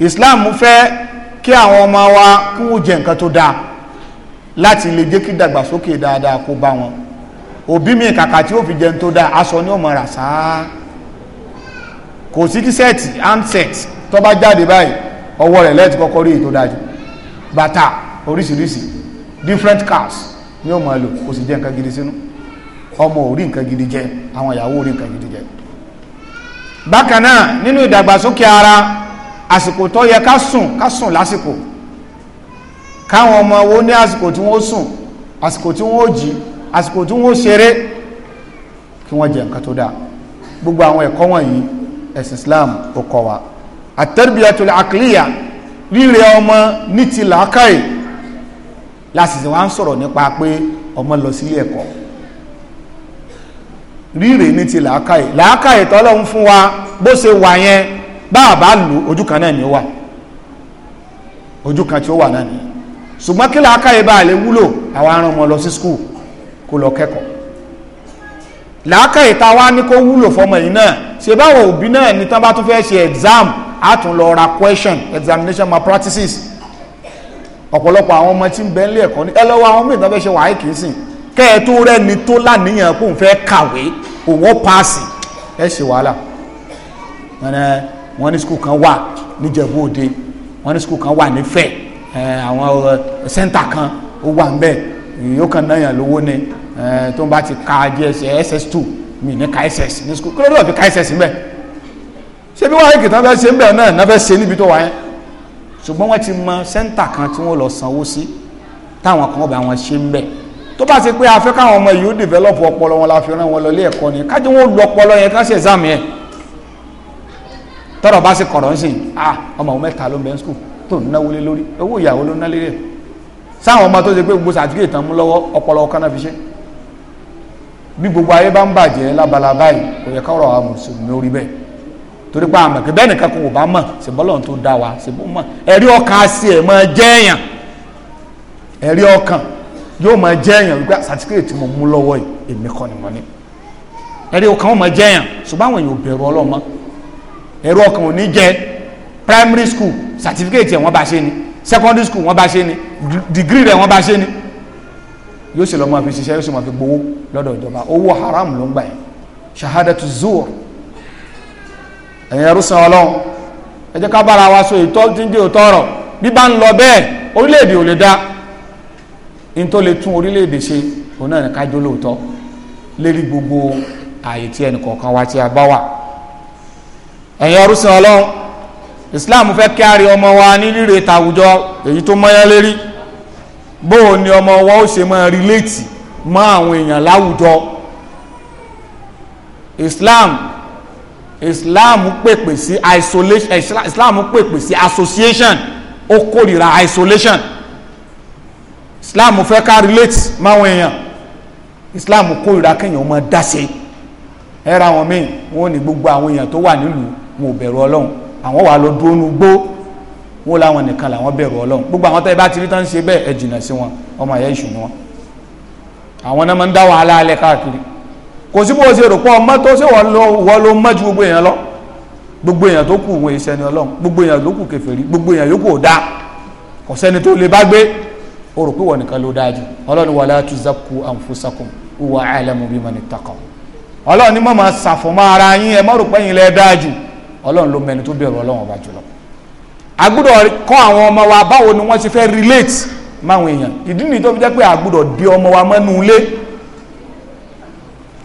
islam fẹ́ kí àwọn ọmọ wa kí wọ́n jẹ nǹkan tó dáa láti lè jẹ́ kí dàgbàsókè dáadáa kó bá wọn òbí mi kàkà tí ó fi jẹun tó dáa aṣọ ni ó mọ̀ rà sáá kò sí kí handset tó bá jáde báyìí ọwọ́ rẹ̀ lẹ́ẹ̀tì kọ́kọ́ rí èyí tó dájú bàtà oríṣiríṣi different cars ni ó mọ̀ lò kò sì jẹ nǹkan gidi sínú ọmọ ò rí nǹkan gidi jẹ àwọn ìyàwó ò rí nǹkan gidi jẹ bákan náà nínú ìdàgbàsókè ara àsìkò tó yẹ ká sùn ká sùn lásìkò káwọn ọmọ wo ní àsìkò tí wọ́n sùn àsìkò tí wọ́n jí àsìkò tí wọ́n ṣeré kí wọ́n jẹ nǹkan tó dáa gbogbo àwọn ẹ̀kọ́ wọ̀nyí ẹ̀sìn Islam ó kọ́ wa àtẹ́rìbíyàtòlẹ̀ àkìlíyà rírẹ ọmọ ní ti làákàyè lásìkò wa ń sọ̀rọ̀ nípa pé ọmọ lọ sílé ẹ̀kọ́ rírẹ ní ti làákàyè làákàyè tọ́lọ́run fún wa bó ṣe wà yẹn báàbá lò ojú kan náà ni ó wà ojú kan tí ó wà náà ni ṣùgbọ́n kí làákàyè bá lè wúlò àwọn aràn ọmọ lọ sí skul kó lọ kẹ́kọ̀ọ́ làákàyè ta wá ní kó wúlò fọmọ yìí náà ṣe báwọn òbí náà ní tán bá tún fẹ́ ṣe exam á lọ ra question examination malpractices ọ̀pọ̀lọpọ̀ àwọn ọmọ tí ń bẹ nílé ẹ̀kọ́ ní ẹ lọ́wọ́ àwọn mìíràn fẹ́ ṣe wàhálà kìí sìn kẹ́ẹ̀tó rẹ́ni tó láníyàn kó ń fẹ́ kàwé òun ó paasi ẹ ṣe wàhálà wọ́n ní skul kan wà níjẹ̀bú òde wọ́n ní skul kan wà nífẹ̀ àwọn sẹ́ńtà kan ó wà ńbẹ̀ yóò kàn náyàn lówó ni tó ń bá ti ka jss ss two mi ní ka ss ní skul kí ló dé wà fi ka ss ńbẹ̀ ṣé bí wọ́n á kìtàn fẹ́ ṣe ńbẹ̀ náà náà fẹ́ ṣe níbi tó wà yẹn ṣùgbọ́n wọ́n ti mọ sẹ́ńtà kan tí wọ́n lọ sanwó sí táwọn kan bá wọn ṣe ńbẹ̀ tó bá ṣe pé a káwọn ọmọ yìí ó develop ọpọlọ wọn la fi rán wọn lọ ilé ẹ̀kọ́ ni kájọ wọn lu ọpọlọ yẹn ká ṣe exam yẹn tọrọ bá sì kọrọ ńsìn ah ọmọ òun mẹ́ta ló ń bẹ ń skul tó ń náwó lé lórí owó ìyàwó ló ń ná lé rẹ sáwọn ọmọ tó ṣe pé gbogbo sàtúkì tán mú lọ́wọ́ ọpọlọ ọkàn náà fi ṣe bí gbogbo ayé bá ń bàjẹ́ lábala báyìí kò yẹ kọ́rọ̀ àwọn mùsùlùmí orí bẹ́ẹ̀ torí pé àmọ̀ kí bẹ́ẹ̀ kò bá mọ̀ ṣèbọ́lọ̀ tó dá wa ṣèbó mọ̀ ẹ̀rí ọkàn àṣì ẹ̀ máa jẹ́ èèyàn ọkàn yóò máa jẹ́ wípé sàtúkì tí mo mú lọ́wọ́ yìí èmi kọ́ ni mo ní ẹ̀rí ọkàn ó máa jẹ́ ṣùgbọ́n àwọn èèyàn ò bẹ̀rù ọlọ́mọ ẹ̀rọ ọkàn ò jẹ primary school certificate ẹ̀ wọ́n bá ṣe ni secondary school wọ́n bá ṣe ni degree rẹ̀ wọ́n bá ṣe ni yóò sì lọ́mọ fi ṣiṣẹ́ yóò sì mọ̀ fi gbowó lọ́dọ̀ ìjọba owó haram ló ń gbà yẹn shahadatu zuur ẹ̀yin ẹrú san ọlọ́run ẹ jẹ́ ká bára wa so ìtọ́ tí ń jẹ́ òótọ́ ọ̀rọ̀ bí bá ń lọ bẹ́ẹ̀ orílẹ̀-èdè ò lè dá n tó lè tún orílẹ̀-èdè ṣe òun náà ní ká jó lóòótọ́ lérí gbogbo ààyè tí ẹnì kọ̀ọ̀kan wa tí a bá wà ẹ̀yin ọrùsìn ọlọ́run islam fẹ́ kí a rí ọmọ wa ní rírè tàwùjọ èyí tó mọ́yán lérí bóò ni ọmọ wa ó ṣe máa rìlẹ́tì mọ́ àwọn èèyàn láwùjọ islam islam pèpè sí isolation islam pèpè sí association ó kórìíra isolation islam fẹ́ ká rìlẹ́tì mọ́ àwọn èèyàn islam kórìíra kéèyàn máa dá ṣe ẹ̀ra àwọn míì wọn ò ní gbogbo àwọn èèyàn tó wà nílùú wọn ò bẹ̀rù ọlọ́run àwọn wà lọ dúró nu gbó wọn làwọn nìkan làwọn bẹ̀rù ọlọ́run gbogbo àwọn tẹ́ bá ti rí tán ṣe bẹ́ẹ̀ ẹ jìnnà sí wọn ọmọ ẹ̀yà ìṣù ni wọn àwọn náà máa ń dá wàhálà alẹ́ káàkiri kò sí bó ṣe rò pọ̀ ọmọ tó ṣe wọ́n ló mọ́ ju gbogbo èèyàn lọ gbogbo èèyàn tó kù wọn ìṣẹ́ni ọlọ́run gbogbo èèyàn ló kù kèfèrí gbogbo èèyàn yòókù ò dáa kò sẹ́ni tó lè bá gbé o rò pé wọ́n nìkan ló dáa jù ọlọ́run wala tuzakku anfusakum huwa a'lamu biman ittaqa ọlọ́run ní mọ̀ máa ṣàfọ̀mọ́ ara yín ẹ má rò pé yín dáa jù ọlọ́run ló mẹni tó bẹ̀rù ọlọ́run ọba jùlọ agbọ́dọ̀ kọ́ àwọn ọmọ wa báwo ni wọ́n ti fẹ́ relate máwọn èèyàn ìdí nìyí tó fi jẹ́ pé agbọ́dọ̀ di ọmọ wa mọ́nú ilé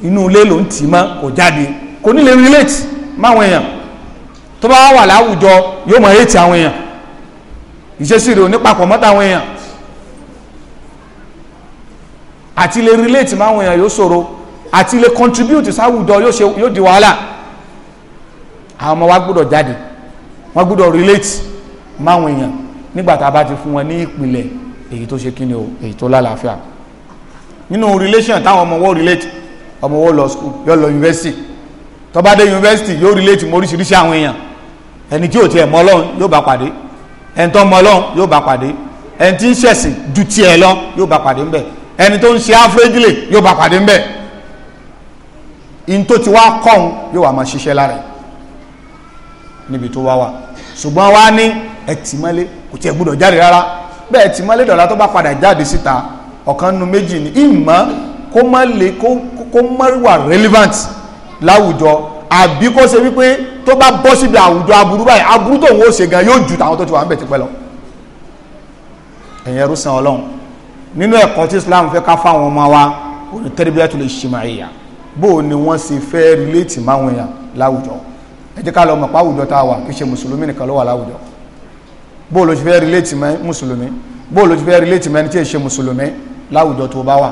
inú ilé ló ń tì mọ́ kò jáde kò ní lè relate máwọn èèyàn tó bá wà láwùjọ yóò mọ̀ èèyàn ti àwọn èèyàn ìṣesí rẹ̀ ò ní mọ́ta àwọn èèyàn àti lè relate máwọn èèyàn yóò ṣòro àti lè contribute sáwùjọ yóò di wàhálà àwọn ọmọ wa gbọ́dọ̀ jáde wọ́n gbọ́dọ̀ relate máwọn èèyàn nígbà tá a bá ti fún wọn ní ìpìlẹ̀ èyí tó ṣe kíni o èyí tó lálàáfíà nínú relation táwọn ọmọ wọ́n relate ọmọ wọ́n lọ school yóò lọ university tó bá dé university yóò relate mọ́ oríṣiríṣi àwọn èèyàn ẹni tí ò tiẹ̀ mọ ọlọ́run yóò bá pàdé ẹni tó mọ ọlọ́run yóò bá pàdé ẹni tí ń ṣẹ̀sìn ju tiẹ̀ lọ yóò bá pàdé ńbẹ̀ ẹni tó ń ṣe áfúrégílè yóò bá pàdé ńbẹ̀ in tó yóò wà máa ṣiṣẹ́ lára ẹ̀ níbi tó wá wà ṣùgbọ́n wá ní ẹ̀tìmọ́lé kò tiẹ̀ gbúdọ̀ jáde rárá bẹ́ẹ̀ ẹ̀tìmọ́lé dọ̀la tó bá padà jáde síta ọ̀kan nu méjì ni ìmọ̀ kó má lè kó má wà relevant láwùjọ àbí kó ṣe wípé tó bá bọ́ síbi àwùjọ aburú báyìí aburú tó ń wò ṣe gan yóò ju tàwọn tó ti wà ń bẹ̀ tipẹ́ lọ ẹ̀yẹn rúsan ọlọ́run nínú ẹ̀kọ́ tí Islam fẹ́ ká fáwọn ọmọ wa òní tẹ́lifíà tó lè ṣe máa yà bó o ni wọ́n ṣe fẹ́ rìlẹ́tì máwọn èèyàn láwùjọ ẹ jẹ́ ká lọ mọ̀ páwùjọ tá a wà kì í ṣe mùsùlùmí nìkan ló wà láwùjọ bóòlù ti fẹ́ relate mẹ́ mùsùlùmí bóòlù ti fẹ́ relate mẹ́ ní tí ì ṣe mùsùlùmí láwùjọ tó bá wà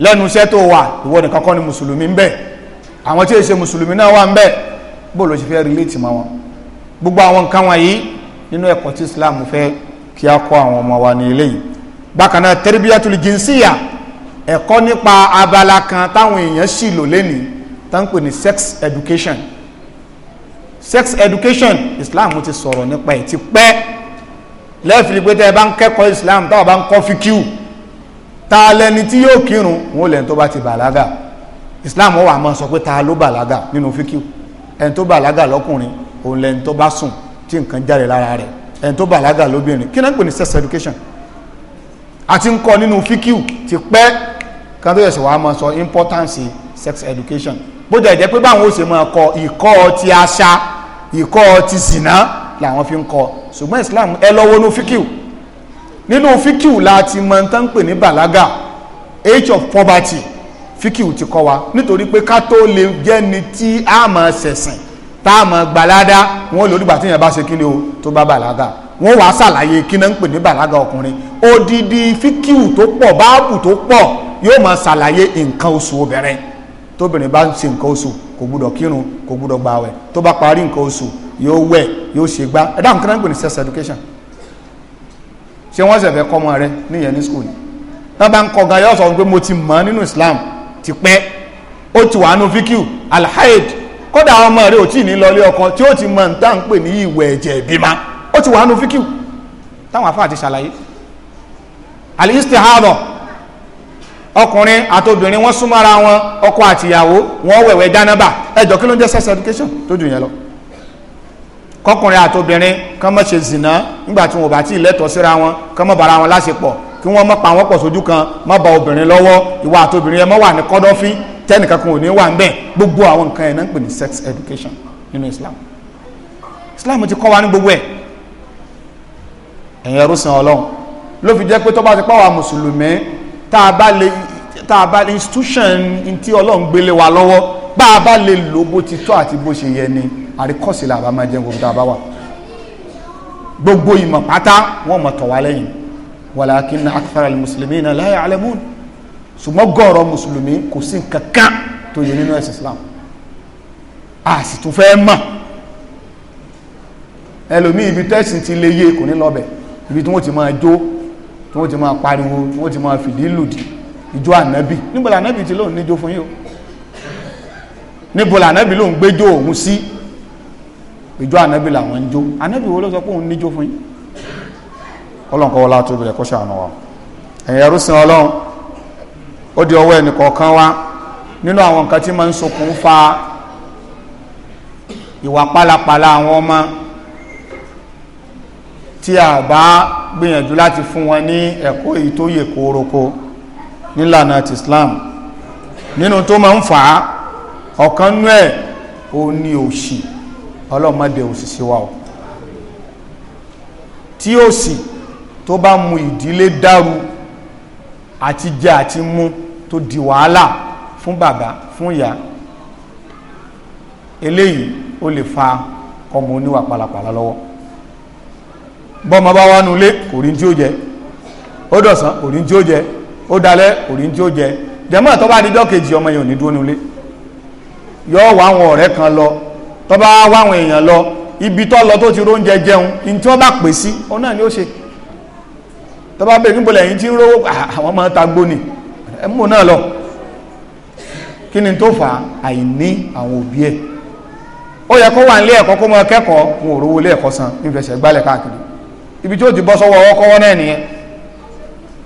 lẹ́nu iṣẹ́ tó wà ìwọ nìkan kọ́ ni mùsùlùmí ń bẹ àwọn tí ì ṣe mùsùlùmí náà wà ń bẹ bóòlù ti fẹ́ relate mọ́ wọn gbogbo àwọn nǹkan wọ̀nyí nínú ẹ̀kọ́ tí Islam fẹ́ kí a kọ́ àwọn ọmọ wa ní ilé yìí bákan náà tarbiyatul jinsiya ẹ̀kọ́ nípa abala kan táwọn èèyàn ṣì lò lénìí táwọn pè ní sex education sex education islam ti sọ̀rọ̀ nípa ẹ̀ ti pẹ́ lẹ́ẹ̀fìlì pé tẹ́ ẹ bá ń kẹ́kọ̀ọ́ islam táwọn bá ń kọ́ fíkíù ta lẹni tí yóò kírun wọn ò lẹ́ni tó bá ti bàlágà islam wà máa sọ pé ta ló bàlágà nínú fíkíù ẹni tó bàlágà lọ́kùnrin òun lẹni tó bá sùn tí nǹkan jáde lára rẹ̀ ẹni tó bàlágà lóbìnrin kí náà ń pè ní sex education àti ń kọ́ nínú fíkíù ti pẹ́ kan tó yẹ sọ wàá máa sọ importance sex education bó jẹ́ ìjẹ́ pé báwọn ó ṣe máa kọ ìkọ́ ti àṣà ìkọ́ ti zìnà làwọn fi ń kọ́ ṣùgbọ́n islam ẹ lọ́wọ́ ní fíkìw nínú fíkìw la ti mọ tán pè ní bàlágà age of poverty fíkìw ti kọ́ wa nítorí pé ká tó lè jẹ́ ni tí a máa ṣẹ̀sìn tá a máa gbalada wọn lórí ìgbà tí èèyàn bá ṣe kíni o tó bá bàlágà wọn wàá ṣàlàyé kí náà ń pè ní bàlágà ọkùnrin odidi fíkìw tó pọ̀ báàbù tó pọ̀ yóò máa ṣàlàyé nǹkan oṣù obìnrin tóbìnrin bá ń ṣe nǹkan oṣù kò gbúdọ̀ kírun kò gbúdọ̀ tó bá parí nǹkan oṣù yóò wẹ̀ yóò ṣe gbá ẹ dáhùn kíná ń ní sex education ṣé wọ́n ṣẹ̀fẹ̀ kọ́ ọmọ rẹ ní náà yóò sọ pé mo ti nínú Islam ti pẹ́ ó ti wà alhaid kódà ọmọ rẹ ò tí ní lọlé ọkọ tí ó ti mọ̀ ọkùnrin àtobìnrin wọ́n súnmọ́ra wọn ọkọ àtìyàwó wọ́n wẹ̀wẹ̀ dánábà ẹjọ́ kí ló ń jẹ́ sex education tó jù yẹn lọ kọkùnrin àtobìnrin kán má ṣe zìnà nígbà tí wọn bá ti lẹ́tọ̀ọ́ síra wọn kán má bára wọn láṣepọ̀ kí wọ́n má pa wọn pọ̀ sójú kan má ba obìnrin lọ́wọ́ ìwà àtobìnrin ẹ má wà ní kọ́dọ́fín tẹ́nìkan kan ò ní wà ń bẹ̀ gbogbo àwọn nǹkan ẹ̀ náà ń pè ní sex education nínú Islam Islam ti kọ́ wa ní gbogbo ẹ̀ ẹ̀yin ẹrú san Ọlọ́run ló fi jẹ́ pé tó bá ti pọ̀ wá tá a bá lè tá a bá institution tí ọlọ́run gbélé wa lọ́wọ́ bá a bá lè lò bó ti tọ́ àti bó ṣe yẹ ni àríkọ́sí là bá máa jẹ́ gbogbo tá a bá wà gbogbo ìmọ̀ pátá wọ́n mọ̀ tọ̀ wá lẹ́yìn walakin akthara muslimina la ya'lamun ṣùgbọ́n gọ́ọ̀rọ̀ mùsùlùmí kò sí nǹkan kan tó yẹ nínú ẹ̀sìn islam a sì tún fẹ́ mọ̀ ẹlòmí ibi tẹ́sìn ti lè yé kò ní lọ́bẹ̀ ibi tí wọ́n ti máa jó tí wọ́n ti máa pariwo tí wọ́n ti máa fìdí lùdì ìjọ ànábì níbo lànábì ti lóun níjó fún yín o níbo lànábì lóun gbéjó òun sí ìjọ ànábì làwọn ń jó ànábì wo ló sọ pé òun níjó fún yín ọlọ́nkọ́ wọlá tó bẹ̀rẹ̀ kó ṣàánú wa ẹ̀yìn ẹrúsìn ọlọ́run ó di ọwọ́ ẹnì kọ̀ọ̀kan wa nínú àwọn nǹkan tí máa ń sokùn fa ìwà pálapàla àwọn ọmọ tí a bá gbìyànjú láti fún wọn ní ẹ̀kọ́ èyí tó yè kóróko. Ko nílànà ti Islam nínú tó máa ń fà á ọ̀kan nú ẹ̀ ó ní òṣì ọlọ́mọdé òṣìṣẹ́ wa o tí òṣì tó bá mú ìdílé dàrú àti jẹ àti mú tó di wàhálà fún bàbá fún ìyá eléyìí ó lè fa ọmọ oníwà pàlàpàlà lọ́wọ́ bọ́mọ bá wà nulẹ̀ kò rí tí ó jẹ ó dọ̀sán kò rí tí ó jẹ ó dalẹ́ òrí tí ó jẹ jẹmọ́ tó bá dídọ́ kejì ọmọ yẹn ò ní dúró nílé yọ wá ọ̀rẹ́ kan lọ tó bá wá èèyàn lọ ibi tó lọ tó ti jẹun ní tí wọ́n bá pè sí òun náà ni ó ṣe tó bá níbo lẹ́yìn tí ń rówó àwọn ta gbóni ẹ mú náà ni tó fà á àìní àwọn òbí ó yẹ kó wà nílé san nífẹsẹ̀ gbálẹ̀ káàkiri ibi tí ti bọ́ sọ́wọ́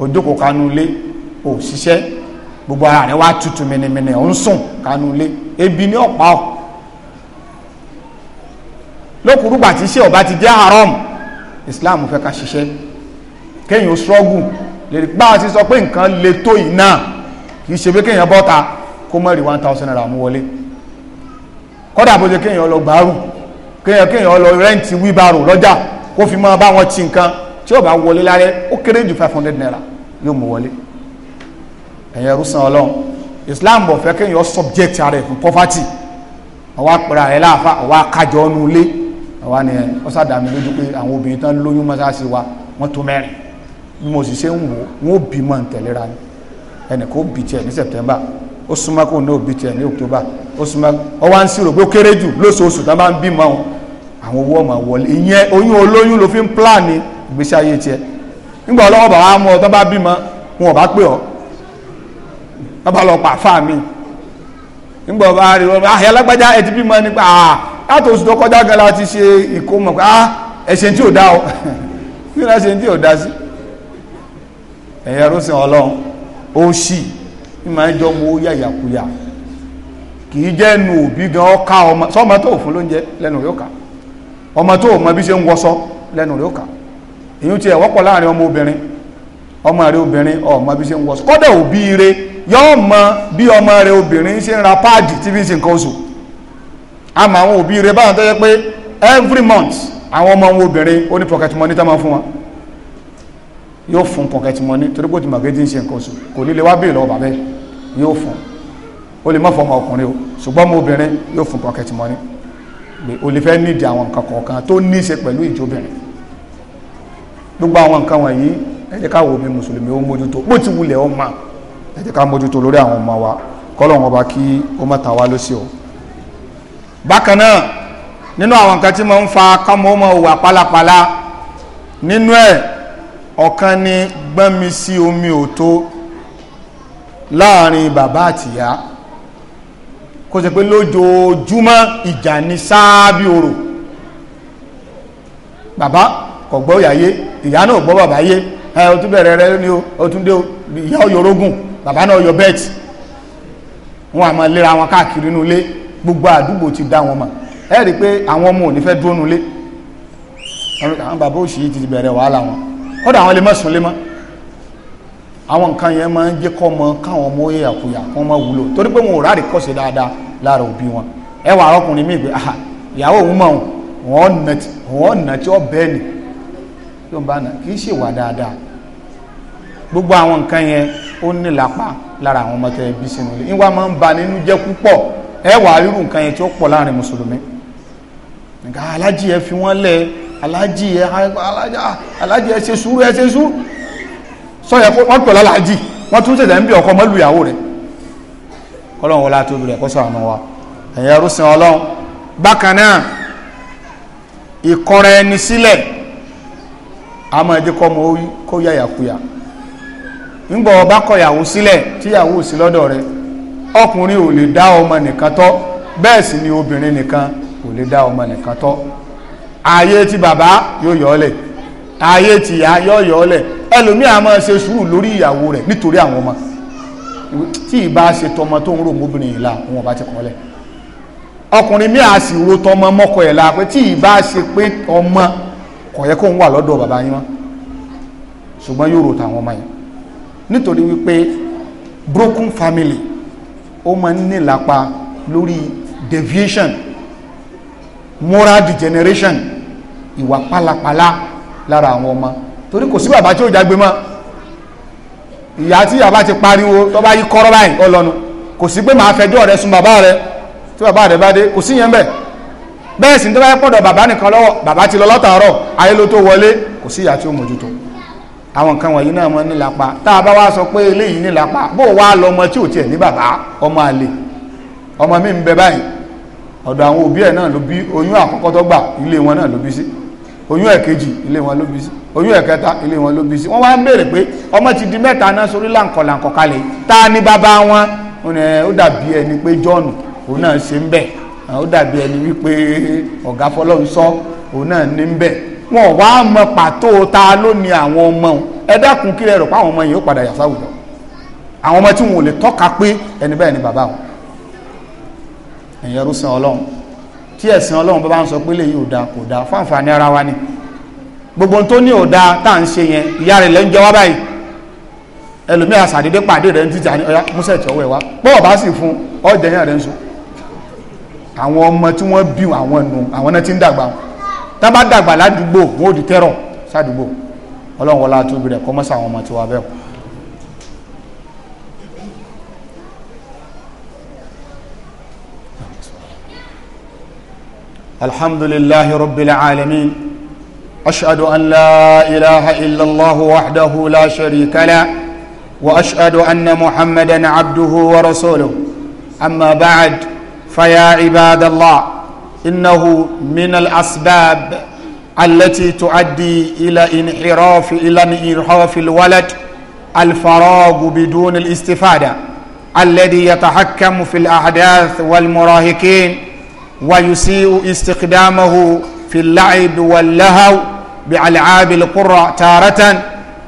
ojókòó kanú ilé o ṣiṣẹ́ gbogbo ara rẹ̀ wá tutù mìnìmìnì ò ń sùn kanú ilé ebi ní o ọ̀ lókùrúgbà tí iṣẹ́ ọba ti jẹ́ haram Islam fẹ́ ká ṣiṣẹ́ kéèyàn struggle lè gbá àti sọ pé nǹkan le tó yìí náà kì í ṣe pé kéèyàn bọ́ta kó mọ́ rí one thousand naira mú wọlé kọ́dà bó ṣe kéèyàn lọ gbàrú kéèyàn kéèyàn lọ rẹ́ǹtì wíbarò lọ́jà kó fi máa bá wọn ti nǹkan tí ó bá wọlé lárẹ́ ó kéré jù five hundred naira yóò mú wọlé ẹ̀yẹ rúsan ọlọ́run islam bọ̀ fẹ́ kéèyàn subject ara ẹ̀ fún poverty ọwọ́ apẹ̀rẹ̀ ààrẹ láàfà ọwọ́ akájọ ọ̀nù ilé ọwọ́ ni ẹ̀ ọ́sàdàmì lójú pé àwọn obìnrin tán lóyún mọ́sáàsì wa wọ́n tó mẹ́rin bí mo sì ṣe ń wò wọ́n bímọ ntẹ̀lera ni ẹnì kó bí tiẹ̀ ní september ó súnmọ́ kó ní òbí tiẹ̀ ní october ó súnmọ́ ọwọ́ à ń sírò pé ó kéré jù lóṣooṣù tá a máa ń bímọ àwọn owó ọmọ wọlé ìyẹn oyún olóyún ló fi ń plan ní ìgbésí ayé tiẹ̀ nígbà ọlọ́wọ́ bàbá mú ọ tó bá bímọ wọn ò bá pè ọ wọn bá lọ pa mi nígbà ọba rí wọn ah alágbájá ẹ ti bímọ nípa ah látò oṣù tó kọjá gan la ti ṣe ìkómọ pé ah, tí ò o (laughs) kí ló ṣe tí ò dá sí ẹ̀yẹ rúṣin ọlọ́run ó ṣì ní jọ mọ kì í ọmọ lẹ́nu ọmọ tó mọ bí ṣe ń èyí tí ẹ̀ wọ́pọ̀ láàrin ọmọ obìnrin ọmọ rẹ obìnrin ọmọ bí ṣe ń wọ́sùn kọ́dọ̀ òbí rẹ yóò mọ bí ọmọ rẹ obìnrin ṣe ń ra páàdì tí fi ń ṣe nǹkan oṣù àmọ́ àwọn òbí rẹ báwọn tó yẹ pé every month àwọn ọmọ wọn obìnrin ó ní pocket money tó máa fún wọn yóò fún pocket money torí pé òtún màgé tí ń ṣe nǹkan oṣù kò ní lè wá bèèrè lọ́wọ́ bàbẹ́ yóò fún ó lè má fọmọ ọkùnrin o ṣùgbọ́n ọmọ obìnrin yóò fún pocket money o lè fẹ́ nídìí àwọn nǹkan kọ̀ọ̀kan tó ní í ṣe pẹ̀lú ìjóbìnrin gbogbo àwọn nǹkan wọ̀nyí ẹ jẹ́ ká wo bí mùsùlùmí ó mójútó bó ti wulẹ̀ ó ma ẹ mójútó lórí àwọn ọmọ wa kọ́lọ̀wọ́n ọba kí ó má ta wá lọ́sí o bákan náà nínú àwọn nǹkan tí mo ń fa kámọ́ mọ́ òwà pálapàla nínú ẹ̀ ọ̀kan ni gbọ́nmi sí omi òtó láàrin bàbá àtìyá kó ṣe pé lójoojúmọ́ ìjà ni sáábí orò bàbá kò gbọ́ ìyá iya ìyá náà gbọ́ bàbá yé ẹ o tún bẹ̀rẹ̀ rẹ ni o o tún dé o ìyá ọyọ orógùn bàbá náà bẹ́ẹ̀tì wọn àmọ́ wọn gbogbo àdúgbò ti dá wọn mọ̀ ẹ rí i pé àwọn ọmọ ò ní fẹ́ dúró àwọn bàbá ti bẹ̀rẹ̀ wàhálà wọn àwọn lè lé mọ́ àwọn nǹkan yẹn máa ń jẹ́ kọ́ káwọn ọmọ yẹ kọ́ wúlò torí pé wọn ò ráàrí kọ́sẹ̀ dáadáa yóò bá nà kì í ṣèwà dáadáa gbogbo àwọn nǹkan yẹn ó ní lápá lára àwọn ọmọ tẹ bí sínú ilé ìwà máa ń ba nínú jẹ́ púpọ̀ ẹ wà rírun nǹkan yẹn tí ó pọ̀ láàrin mùsùlùmí nǹkan alájì ẹ fi wọ́n lẹ̀ alájì ẹ alájì ah, ẹ ṣe sùúrù ẹ ṣe sùúrù sọyẹ wọ́n pẹ̀lú alájì wọ́n tún ṣẹ̀ṣẹ̀ ń bí ọkọ mọ́lù ìyàwó rẹ̀ kọ́lọ́hún wọlé àti obìnrin ẹ̀kọ́ sọ̀rọ̀ àmọ́ wa ẹ̀yẹ rúṣin ọlọ́run bákan náà ìkọrẹ ẹni sílẹ̀ a máa jẹ́ kọ́mọ ó kó yàyàkuyà ńgbọ̀ ọba kọ̀yàwó sílẹ̀ tíyàwó sí lọ́dọ̀ rẹ̀ ọkùnrin ò lè dá ọmọ nìkan tọ́ bẹ́ẹ̀ sì ni obìnrin nìkan ò lè dá ọmọ nìkan tọ́ ààyè ti bàbá yóò yọ ọ́lẹ̀ ààyè ti ìyá yóò yọ ọ́lẹ̀ ẹlòmíà máa ṣe sùúrù lórí ìyàwó rẹ̀ nítorí àwọn ọmọ tí ìbá ṣe tọmọ tó ń rò mọ́bìnrin yìí la wọn bá ti kọ́lẹ̀ ọkùnrin mi à tọmọ mọ́kọ ẹ̀ la pé tí ìbá ṣe pé ọmọ kò yẹ kó ń wà lọ́dọ̀ bàbá yín wọn ṣùgbọ́n yóò rò tàwọn ọmọ yẹn nítorí wípé broken family ó máa ń nílapa lórí deviation moral degeneration ìwà pálapàla lára àwọn ọmọ torí kò sí bàbá tí ó jágbe mọ́ ìyá tí bàbá ti pariwo tó bá yí kọ́rọ́ báyìí ọlọ́nu kò sí pé màá fẹjọ́ rẹ sùn bàbá rẹ tí bàbá rẹ bá dé kò sí yẹn bẹ́ẹ̀ bẹ́ẹ̀ sì tó bá pọ̀dọ̀ bàbá nìkan bàbá ti lọ lọ́tàárọ̀ ayé ló tó wọlé kò sí ìyá tí ó mójútó àwọn nǹkan wọ̀nyí náà mọ́ nílapa tá a bá wá sọ pé eléyìí nílapa bó wá lọmọ tí ò tiẹ̀ ní bàbá ọmọ àlè ọmọ mi ń bẹ báyìí ọ̀dọ̀ àwọn òbí ẹ̀ náà ló bí oyún àkọ́kọ́ tó gbà ilé wọn náà ló bí sí oyún ẹ̀kejì ilé wọn ló bí sí oyún ẹ̀kẹta di mẹ́ta náà sórí kalẹ̀ tá a ní bàbá wọn ó dàbí ẹni pé ó dàbí ẹni wípé ọ̀gá fọlọ́run sọ òun náà ní ń bẹ̀ wọn ò wá mọ pàtó ta ló àwọn ọmọ ẹ dákun kí lẹ rò pé àwọn ọmọ yìí ó padà yà sáwùjọ àwọn ọmọ tí wọn ò lè tọ́ka pé ẹni bẹ́ẹ̀ ni bàbá wọn ẹ̀yẹ sin ọlọ́run tí ẹ̀sìn ọlọ́run bá ń sọ pé lèyí ò kò dáa ara wa ni gbogbo tó ní ò tá à ń ṣe yẹn ìyá rẹ̀ lẹ́ ń wá báyìí sàdédé fún rẹ̀ ń àwọn ọmọ tí wọ́n bí àwọn nù àwọn náà ti ń dàgbà tá dàgbà ládùúgbò wọn ò di tẹ́rọ̀ sádùúgbò ọlọ́run wọlá tóbi rẹ̀ kọ́ mọ́sà àwọn ọmọ tiwa bẹ́ẹ̀ الحمد لله رب العالمين أشهد أن لا إله إلا الله وحده لا شريك له وأشهد أن محمدا عبده ورسوله أما بعد فيا عباد الله إنه من الأسباب التي تؤدي إلى انحراف إلى انحراف الولد الفراغ بدون الاستفادة الذي يتحكم في الأحداث والمراهقين ويسيء استخدامه في اللعب واللهو بألعاب القرى تارة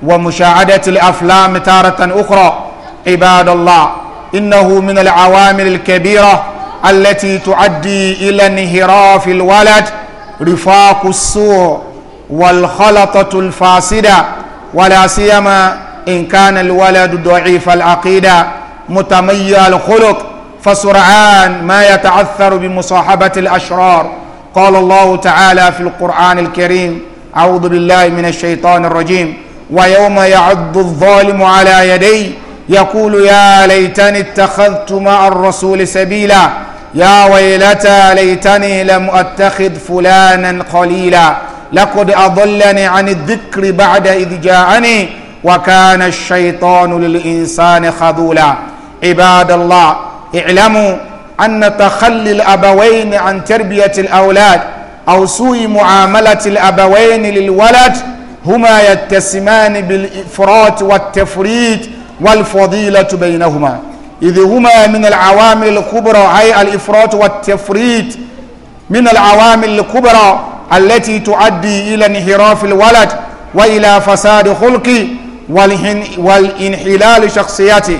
ومشاهدة الأفلام تارة أخرى عباد الله إنه من العوامل الكبيرة التي تؤدي إلى انحراف الولد رفاق السوء والخلطة الفاسدة ولا سيما إن كان الولد ضعيف العقيدة متميع الخلق فسرعان ما يتعثر بمصاحبة الأشرار قال الله تعالى في القرآن الكريم أعوذ بالله من الشيطان الرجيم ويوم يعض الظالم على يديه يقول يا ليتني اتخذت مع الرسول سبيلا يا ويلتى ليتني لم أتخذ فلانا قليلا لقد أضلني عن الذكر بعد إذ جاءني وكان الشيطان للإنسان خذولا عباد الله اعلموا أن تخلي الأبوين عن تربية الأولاد أو سوء معاملة الأبوين للولد هما يتسمان بالإفراط والتفريط والفضيلة بينهما إذ هما من العوامل الكبرى أي الإفراط والتفريط من العوامل الكبرى التي تؤدي إلى انحراف الولد وإلى فساد خلقه والانحلال شخصيته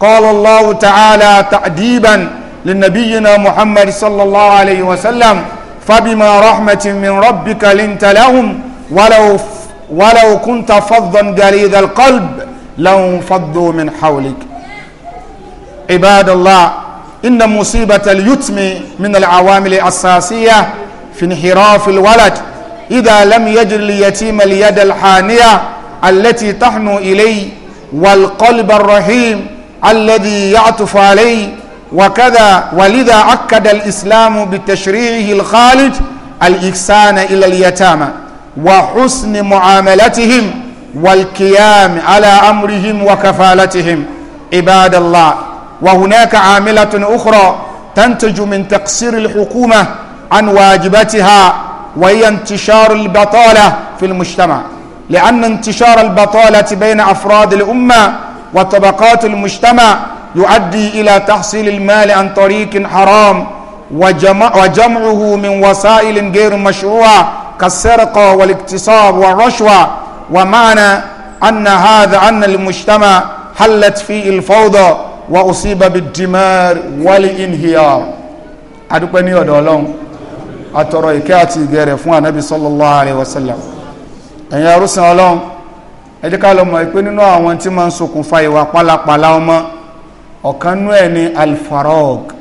قال الله تعالى تأديبا لنبينا محمد صلى الله عليه وسلم فبما رحمة من ربك لنت لهم ولو ولو كنت فظا غليظ القلب لانفضوا من حولك عباد الله إن مصيبة اليتم من العوامل الأساسية في انحراف الولد إذا لم يجد اليتيم اليد الحانية التي تحنو إليه والقلب الرحيم الذي يعطف عليه وكذا ولذا أكد الإسلام بتشريعه الخالد الإحسان إلى اليتامى وحسن معاملتهم والقيام على أمرهم وكفالتهم عباد الله وهناك عاملة أخرى تنتج من تقصير الحكومة عن واجباتها وهي انتشار البطالة في المجتمع لأن انتشار البطالة بين أفراد الأمة وطبقات المجتمع يؤدي إلى تحصيل المال عن طريق حرام وجمع وجمعه من وسائل غير مشروعة كالسرقة والاغتصاب والرشوة ومعنى أن هذا أن المجتمع حلت فيه الفوضى wa usiba bid-dimar wal-inhiyar adúpẹ́ ní ọ̀dọ̀ ọlọ́run àtọ̀rọ̀ ìkẹ́ àti ìgẹ̀rẹ̀ fún ànábì sallallahu alaihi wasallam ẹ̀yin arúsàn ọlọ́run ẹ jẹ́ ká lọ mọ̀ pé nínú àwọn tí máa ń ṣokùnfà ìwà pálapàla ọmọ ọ̀kan nú ẹ̀ ní alfarog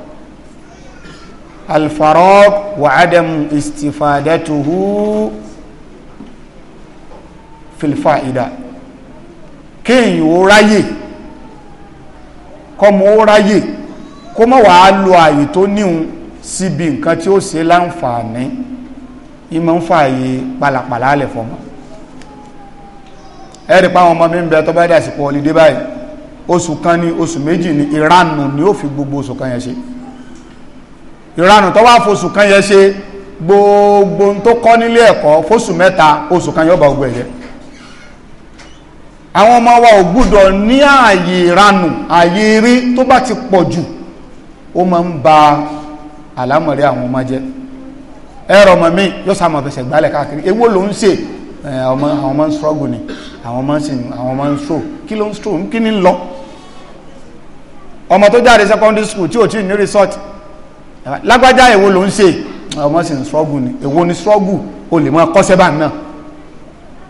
alfarog wa adam istifadatuhu fil fa'ida kéèyàn ó kọ́mọ ó ráyè kó mọ̀ wàá lo àyè tó níhun síbi nǹkan tí ó ṣe láǹfààní ìmọ̀ ń fààyè pàlàpàlà alẹ̀ fọmọ ẹ̀rì pa àwọn ọmọ mi ń bẹ tó bá dà sípò ọlídé báyìí oṣù kan ní oṣù méjì ní ìranù ni ó fi gbogbo oṣù kan yẹn ṣe ìranù tó wá fóṣù kan yẹn ṣe gbogbo tó kọ́ nílé ẹ̀kọ́ fóṣù mẹ́ta oṣù kan yóò bá gbogbo ẹ̀yẹ àwọn ọmọ wa ò gbúdọ̀ ní ààyè ìranù ààyè eré tó bá ti pọ̀ jù ó máa ń ba àlámọ̀rí àwọn ọmọ jẹ́ ẹ̀rọ ọmọ mi yóò sá máa fẹsẹ̀ gbálẹ̀ káàkiri èwo ló ń ṣe àwọn ọmọ ń struggle ni àwọn ọmọ ń sìn àwọn ọmọ ń stroke kí ló ń stroke kí ni ń lọ ọmọ tó jáde secondary school tí ò tí ní resort lágbájá èwo ló ń ṣe ọmọ sì ń struggle ni èwo ni struggle o lè máa kọ́ṣẹ́ bá náà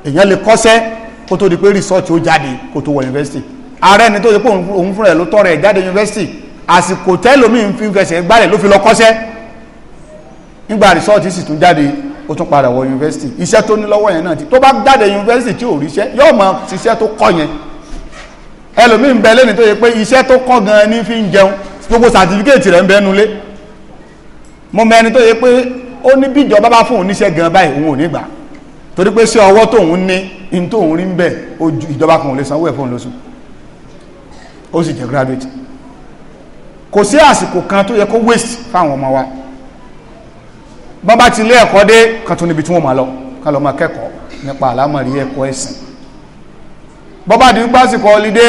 èèyàn lè kọ́ṣẹ́ kó tó di pé research ó jáde kó tó wọ yunifásitì ààrẹ ni tó ṣe pé òun fúnra ẹ̀ ló tọrọ ẹ̀ jáde yunifásitì àsìkò tẹ́lómìn fi fẹsẹ̀ gbálẹ̀ ló fi lọ kọ́ṣẹ́ nígbà research sì tún jáde ó tún padà wọ yunifásitì iṣẹ́ tó ní lọ́wọ́ yẹn náà ti tó bá jáde yunifásitì tí ò ríṣẹ́ yóò máa ṣiṣẹ́ tó kọ́ yẹn ẹlòmíín bẹ lẹ́ni tó yẹ pé iṣẹ́ tó kọ́ gan-an fi ń jẹun gbogbo sàtífíkẹ́ẹ̀tì rẹ̀ ń bẹ́nu lé mo mẹ́ni tó yẹ pé ó ní bíjọba bá fún òun níṣẹ́ gan báyìí òun ò ní gbà torí pé ṣé ọwọ́ tóun ní in tó ń rí ń bẹ̀ ojú ìjọba kan ò lè sanwó ẹ̀fọ́n lóṣù ó sì jẹ́ graduate kò sí àsìkò kan tó yẹ kó waste fáwọn ọmọ wa bọ́n bá ti lé ẹ̀kọ́ dé kan tó níbi tí wọ́n máa lọ ká lọ máa kẹ́kọ̀ọ́ nípa àlámọ̀rí ẹ̀kọ́ ẹ̀sìn bọ́n bá di gbásìkò ọlídé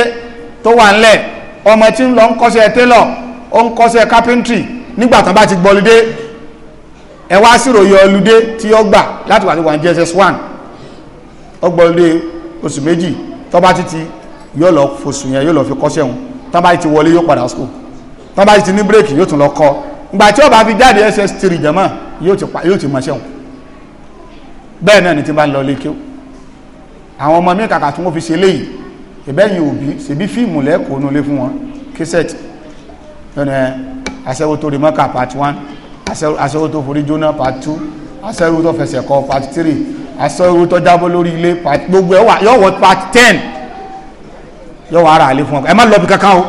tó wà ńlẹ̀ ọmọ tí ń lọ ń kọ́ṣẹ́ tailor ó ń carpentry nígbà tán bá ti gbọ́ ọlídé ẹ wá síròyìn tí gbà láti wà ní jss one ọgbọ̀lé oṣù méjì tó bá títí yóò lọ fòṣù yẹn yóò lọ fi kọ́ṣẹ́ wọn tó bá ti wọlé yóò padà school tó bá ti ní bírèkì yóò tún lọ kọ́ ìgbà tí ó bá fi jáde ss3 jẹ́mọ́ yóò ti mọṣẹ́ wọn bẹ́ẹ̀ náà ni ti bá ń lọ lé kí àwọn ọmọ mi kàkà tí wọ́n fi ṣe léyìí ìbẹ́yìn òbí ṣèbí fíìmù lẹ́kọ̀ọ́ nulẹ̀ fún wọn kíṣẹ́ẹ̀tì lọ́nà aṣẹ́wó tó rí mọ́kà part 1 aṣẹ́wó tó forí jóná part 2 aṣẹ́wó tó fẹsẹ̀ kọ part 3 aṣọ ooru tó jábọ́ lórí ilé gbogbo ẹ̀ wà yọ wọ part ten yọ wọ ara àlè fún ọ ẹ má lọ bí kankan o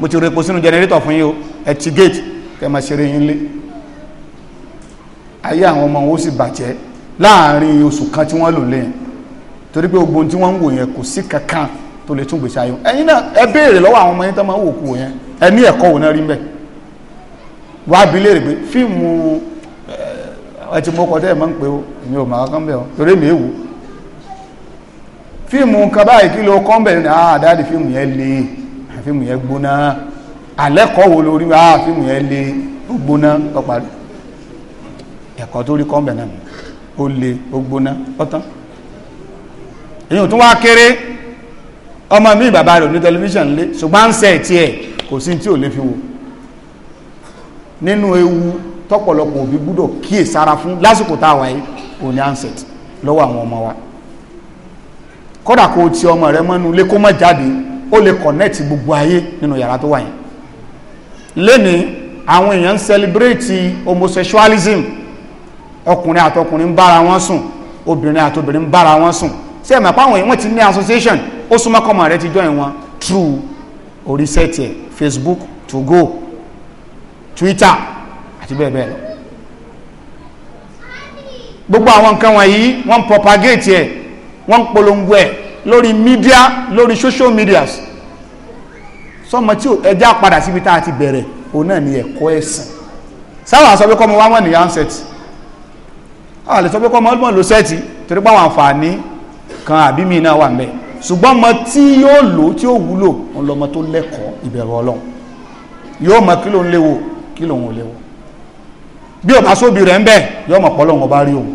mo ti repo sínú jẹnẹrétọ̀ fún yín o ẹ ti gate kẹ máa ṣeré yín lé ayé àwọn ọmọ wọn ó sì bàjẹ́ láàrin oṣù kan tí wọ́n lò lẹ́yìn torí pé gbogbo tí wọ́n ń wò yẹn kò sí kankan tó lè tún gbèsè ayé ẹ̀yin náà ẹ béèrè lọ́wọ́ àwọn ọmọ yẹn tó máa ń wò kú wò yẹn ẹ ní ẹ̀kọ́ wò náà rí mbẹ́ wàá bi léèrè pé fíìmù ẹ ti mú ọkọ̀ tẹ́ ẹ̀ máa ń pè ó èmi ò máa kán bẹ̀ ọ́ torí mi èwù fíìmù kan báyìí kí ló kọ́ ń bẹ̀ ní àádáàdì ah, fíìmù yẹn le ah, fíìmù yẹn gbóná àlẹ́kọ̀ọ́ wo lórí àá ah, fíìmù yẹn le gbóná ọparí ẹ̀kọ́ tó rí kọ́ náà ó le ó gbóná ọ̀tán èyí ò wá kéré ọmọ mi bàbá rẹ̀ ní tẹlifíṣàn lé ṣùgbọ́n ń sẹ̀ tiẹ̀ kò sí tí ò lè fi wò nínú ewu tọ́pọ̀lọpọ̀ òbí gbúdọ̀ kíyè sára fún lásìkò táwa yìí ò ní ansẹ̀t lọ́wọ́ àwọn ọmọ wa kódà kó o ti ọmọ rẹ mọ́nu lé kó má jáde ó lè kọ̀nẹ́ẹ̀tì gbogbo ayé nínú yàrá tó wà yẹn lénìí àwọn èèyàn ń sẹlibrétì homosexualism ọkùnrin àtọkùnrin ń bára wọn sùn obìnrin àtobìnrin ń bára wọn sùn sí ẹ̀mọ̀ pàwọn èèyàn ti ní association ó súnmọ́ kọ́mọ rẹ ti join wọn through orí sẹ́ẹ̀tì Facebook to go Twitter àti bẹ́ẹ̀ bẹ́ẹ̀ lọ gbogbo àwọn nǹkan wọ̀nyí wọ́n propagate ẹ̀ wọ́n polongo ẹ̀ lórí media lórí social medias sọmọ tí ẹja padà síbi tá a ti bẹ̀rẹ̀ òun náà ni ẹ̀kọ́ ẹ̀sìn sáwà sọ pé kọ́ ọmọ wa wọ́n ní handset àwọn àlè sọ pé kọ́ ọmọ ọlọ́mọ ló sẹ́ẹ̀tì torí pé àwọn àǹfààní kan àbí mi náà wà ń bẹ̀ ṣùgbọ́n ọmọ tí yóò lò tí ó wúlò òun tó lẹ́kọ̀ọ́ ìbẹ̀rù ọlọ́run yóò mọ kí ló léwo kí ló léwo bí ọba sóbi rẹ̀ ń bẹ̀ yọ mọ̀ pọ́lọ́ wọn bá rí òun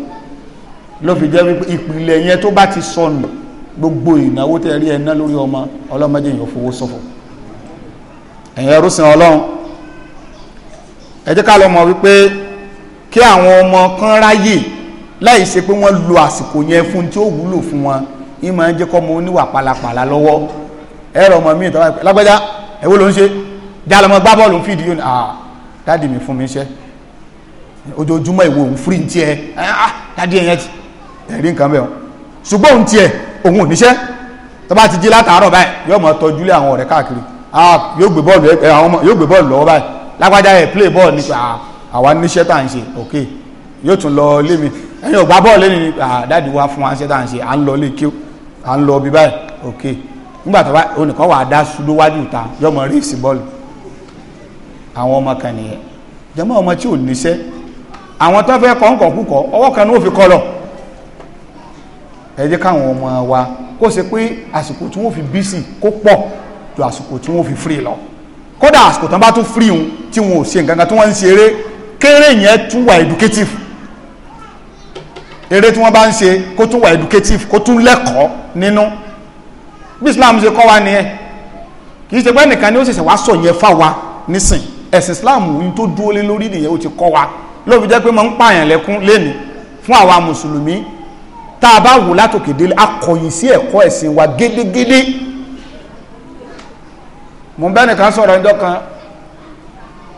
ló fi jẹ́ wípé ìpìlẹ̀ yẹn tó bá ti sọnù gbogbo ìnáwó tẹ́ rí ẹ̀ná lórí ọmọ ọlọ́mọdé yìí fowó ṣòfò ẹ̀yìn ẹrúsìn ọlọ́run ẹ jẹ́ ká lọ mọ̀ wípé kí àwọn ọmọ kan ráyè láì ṣe pé wọ́n lo àsìkò yẹn fún tí ó wúlò fún wọn ní máa ń jẹ́ kọ́ mọ oníwà pàlàpàlà lọ́wọ́ ẹ̀rọ ọmọ mi ìtọ́wá lágbájá ẹ̀wọ́ ló ń ṣe jálọ́mọ gbá ń fìdí yóò ní à ah, dáàdì mi fún mi ṣẹ́ ojoojúmọ́ ìwò òun fúrí ah, ah, ti ẹ ah dádì ẹ̀yẹn ti ẹ̀rí nǹkan bẹ́ẹ̀ ṣùgbọ́n òun ti ẹ̀ òun ò níṣẹ́ tó bá ti jí látàárọ̀ báyìí yóò mọ̀ tọ́jú lé àwọn ọ̀rẹ́ káàkiri ah yóò gbé bọ́ọ̀lù ẹ àwọn ọmọ yóò gbé bọ́ọ̀lù lọ́wọ́ báyìí lágbájá ẹ̀ play bọ́ọ̀lù nípa àwa níṣẹ́ tá à ń ṣe ok yóò tún lọ lé mi ẹ̀yin ò gbá bọ́ọ̀lù lẹ́nu dádì wa fún wa ṣe tá à ń ṣe à ń lọ ok nígbà tó bá onìkan wà á dá sudówájú ta yóò mọ̀ rí ìsìn bọ́ọ̀lù àwọn ọmọ kan nìyẹn jẹ́mọ́ tí ò níṣẹ́ àwọn tó fẹ́ kọ́ ńkọ̀ kúkọ ọwọ́ kan ní ó fi kọ́ lọ ẹ jẹ́ káwọn ọmọ wa kó ṣe pé àsìkò tí wọ́n fi bísì kó pọ̀ ju àsìkò tí wọ́n fi free lọ kódà àsìkò tán bá tún free un tí wọn ò ṣe nǹkan kan tí wọ́n ń ṣe eré kéré yẹn tún wà educative eré tí wọ́n bá ń ṣe kó tún wà educative kó tún lẹ́kọ̀ọ́ nínú bí Islam ṣe kọ́ wa nìyẹn kì í ṣe pé nìkan ni ó ṣẹ̀ṣẹ̀ wá sọ yẹn fáwa nísìn ẹ̀sìn Islam ohun tó dúró lé lórí nìyẹn ó ti kọ́ wa ló fi jẹ́ pé mo ń pààyàn lẹ́kún lẹ́nu fún àwa mùsùlùmí tá a bá wù látòkè délé akọ̀yìn sí ẹ̀kọ́ ẹ̀sìn wa gédégédé mo bẹ́ẹ̀ nìkan sọ̀rọ̀ ẹjọ́ kan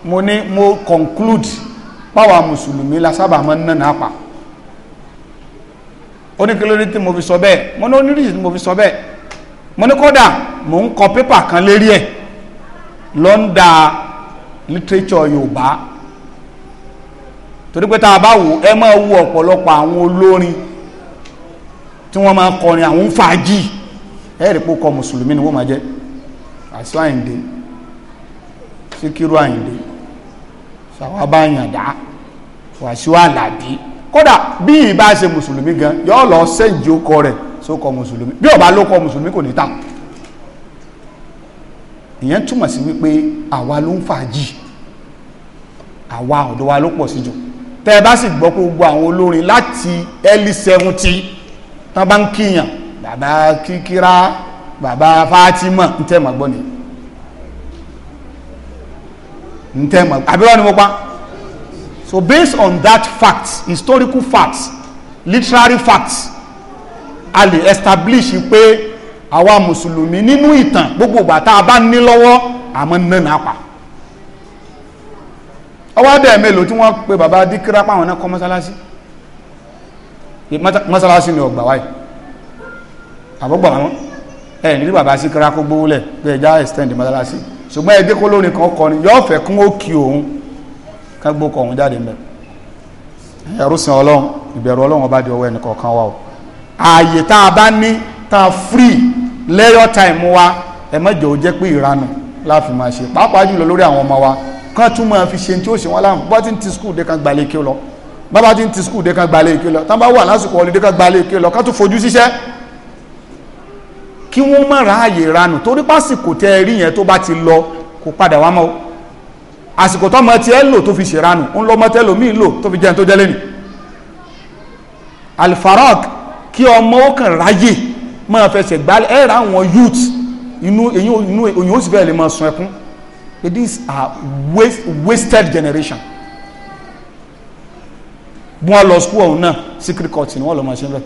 mo ní mo conclude páwa mùsùlùmí la sábà máa ń nànà pa ó ní kí ló dé tí mo fi sọ bẹ́ẹ̀ mo ní onírìsì tí mo fi sọ bẹ́ẹ̀ mo ní kódà mo ń kọ pépà kan lérí ẹ̀ lọ́ndà literature yorùbá torí pé tá a bá wò ẹ máa wo ọ̀pọ̀lọpọ̀ àwọn olórin tí wọ́n máa kọrin àwọn fàájì ẹ rí pé kọ mùsùlùmí ni wọ́n máa jẹ́ àṣọ àyìndé síkírù àyìndé ṣàwábà àyàndá wàṣíù àlàbí kódà bí ìbá ṣe mùsùlùmí gan yóò lọ sẹ́ǹjì ó kọ rẹ̀ sókọ mùsùlùmí bí ọba ló kọ mùsùlùmí kò ní tà ìyẹn túmọ̀ sí wípé àwa ló ń fàájì àwa ọ̀dọ́ wa ló pọ̀ sí jù tẹ́ bá sì gbọ́ pé gbogbo àwọn olórin láti early seventy tán bá ń kíyàn bàbá kíkírá bàbá Fatima ń tẹ́ mọ̀ gbọ́ ni ń tẹ́ mọ̀ àbúrò mo pa so based on that fact historical facts literary facts a lè establish pé àwa mùsùlùmí nínú ìtàn gbogbo ìgbà tá a bá ní lọ́wọ́ àmọ́ nínú àpá ọwọ́ adẹ́ mélòó tí wọ́n pe bàbá díkírá páwọn náà kọ́ mọ́sálásí mọ́sálásí ni ọgbà wáyé àbọ̀gbà wọn ẹ̀ nílé bàbá sí kíra kó gbówó lẹ̀ pé ẹja extend mọ́sálásí ṣùgbọ́n ẹdí kó lónìí kan kọrin yóò fẹ́ kún ó kí òun kágbó kọ òun jáde mẹ́ ẹ̀rú sin ọlọ́run ìbẹ̀rù ọlọ́run ọba di ọwọ́ ẹnì kọ̀ọ̀kan wa o ààyè tá a bá ní tá a free lẹ́yọ̀ time wa ẹ mọ́jọ́ jẹ́ pé ìranu láàfin máa ṣe pàápàá jùlọ lórí àwọn ọmọ wa kán tún máa fi ṣe tí ó ṣe wọn láàmú bọ́ tí ń ti skul dé kan gbalẹ̀ kí lọ bábá tí ń ti skul dé kan gbalẹ̀ kí lọ tán bá wà lásìkò ọlọ́dé kan gbalẹ̀ kí lọ kán tún fojú síṣẹ́ kí wọ́n má ráàyè ranù torí pásìkò tẹ́ rí yẹn tó bá ti lọ kó padà wá mọ́ àsìkò tọ́mọ tí ẹ lò tó fi ṣe ranù ń lọ mọ́ tẹ́lò míì lò tó fi jẹun tó jẹ́ lẹ́nu alfarag kí ọmọ ó kàn ráyè máa fẹsẹ̀ gbálẹ̀ ẹ̀ ra àwọn youth inú èyí òyìn ó sì fẹ́ lè máa sun ẹkún these are waste, wasted generation bí wọ́n lọ school ọ̀hún náà secret court ni wọ́n lọ máa ṣe ń bẹ̀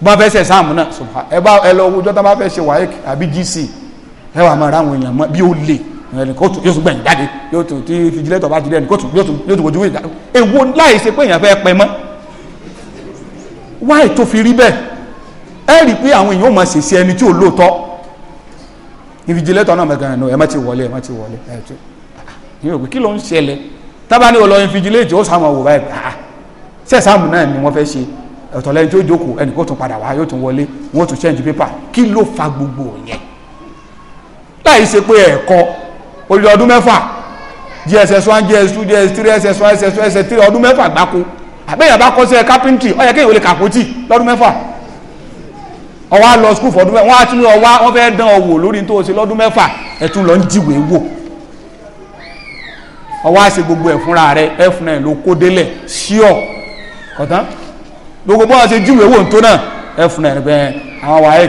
bá fẹ́ ṣe sáàmù náà ṣùgbọ́n ẹ bá ẹ lọ owójọ́ tá bá fẹ́ ṣe WAEC àbí GC ẹ wà máa ráwọn èèyàn mọ́ bí ó lè ẹnì kóòtù yóò tún gbẹ̀yìn jáde yóò tún tí fìjìlẹ́tọ̀ bá jìlẹ́ ẹnì kóòtù yóò tún yóò tún wojú wíìlì jáde èwo láì ṣe pé èèyàn fẹ́ pẹ́ mọ́ wáì tó fi rí bẹ́ẹ̀ ẹ rí i pé àwọn èèyàn ò máa ṣèṣe ẹni tí ò lóòótọ́ invigilator náà mẹ́kan ẹ̀nu ẹ̀ má ti wọlé ẹ̀ má ti wọlé ẹ̀ tó ah, yóò pé kí ló ń ṣẹlẹ̀ tábà ní olọ invigilate ó sàmù àwòrán ẹ̀ ah ṣe sàmù náà ni wọ́n fẹ́ ṣe ọ̀tọ̀ lẹ́yìn tó jókòó ẹnì kó tún padà wá yóò tún wọlé wọ́n tún change paper kí ló fa gbogbo yẹn láì ṣe pé ẹ̀kọ́ olùdó ọdún mẹ́fà jss one gs two gs three ss one ss two ss three ọdún mẹ́fà gbáko àbẹ́yàn bá kọ́ sí ẹ carpentry ó yẹ kéèyàn ó lè kàpótì ọwọ́ á lọ skul fọdún mẹ́fà wọ́n á tún ọwọ́ wọ́n fẹ́ dán ọ wò lórí tó o ṣe lọ́dún mẹ́fà ẹ tún lọ ń jìwé wò ọwọ́ á ṣe gbogbo ẹ̀ fúnra rẹ ẹ fúnra ẹ̀ ló kó délẹ̀ ṣíọ̀ kọ̀tán gbogbo bọ́ọ̀ ṣe jìwé wò tó náà ẹ fúnra ẹ̀ bẹ́ẹ̀ àwọn wáyé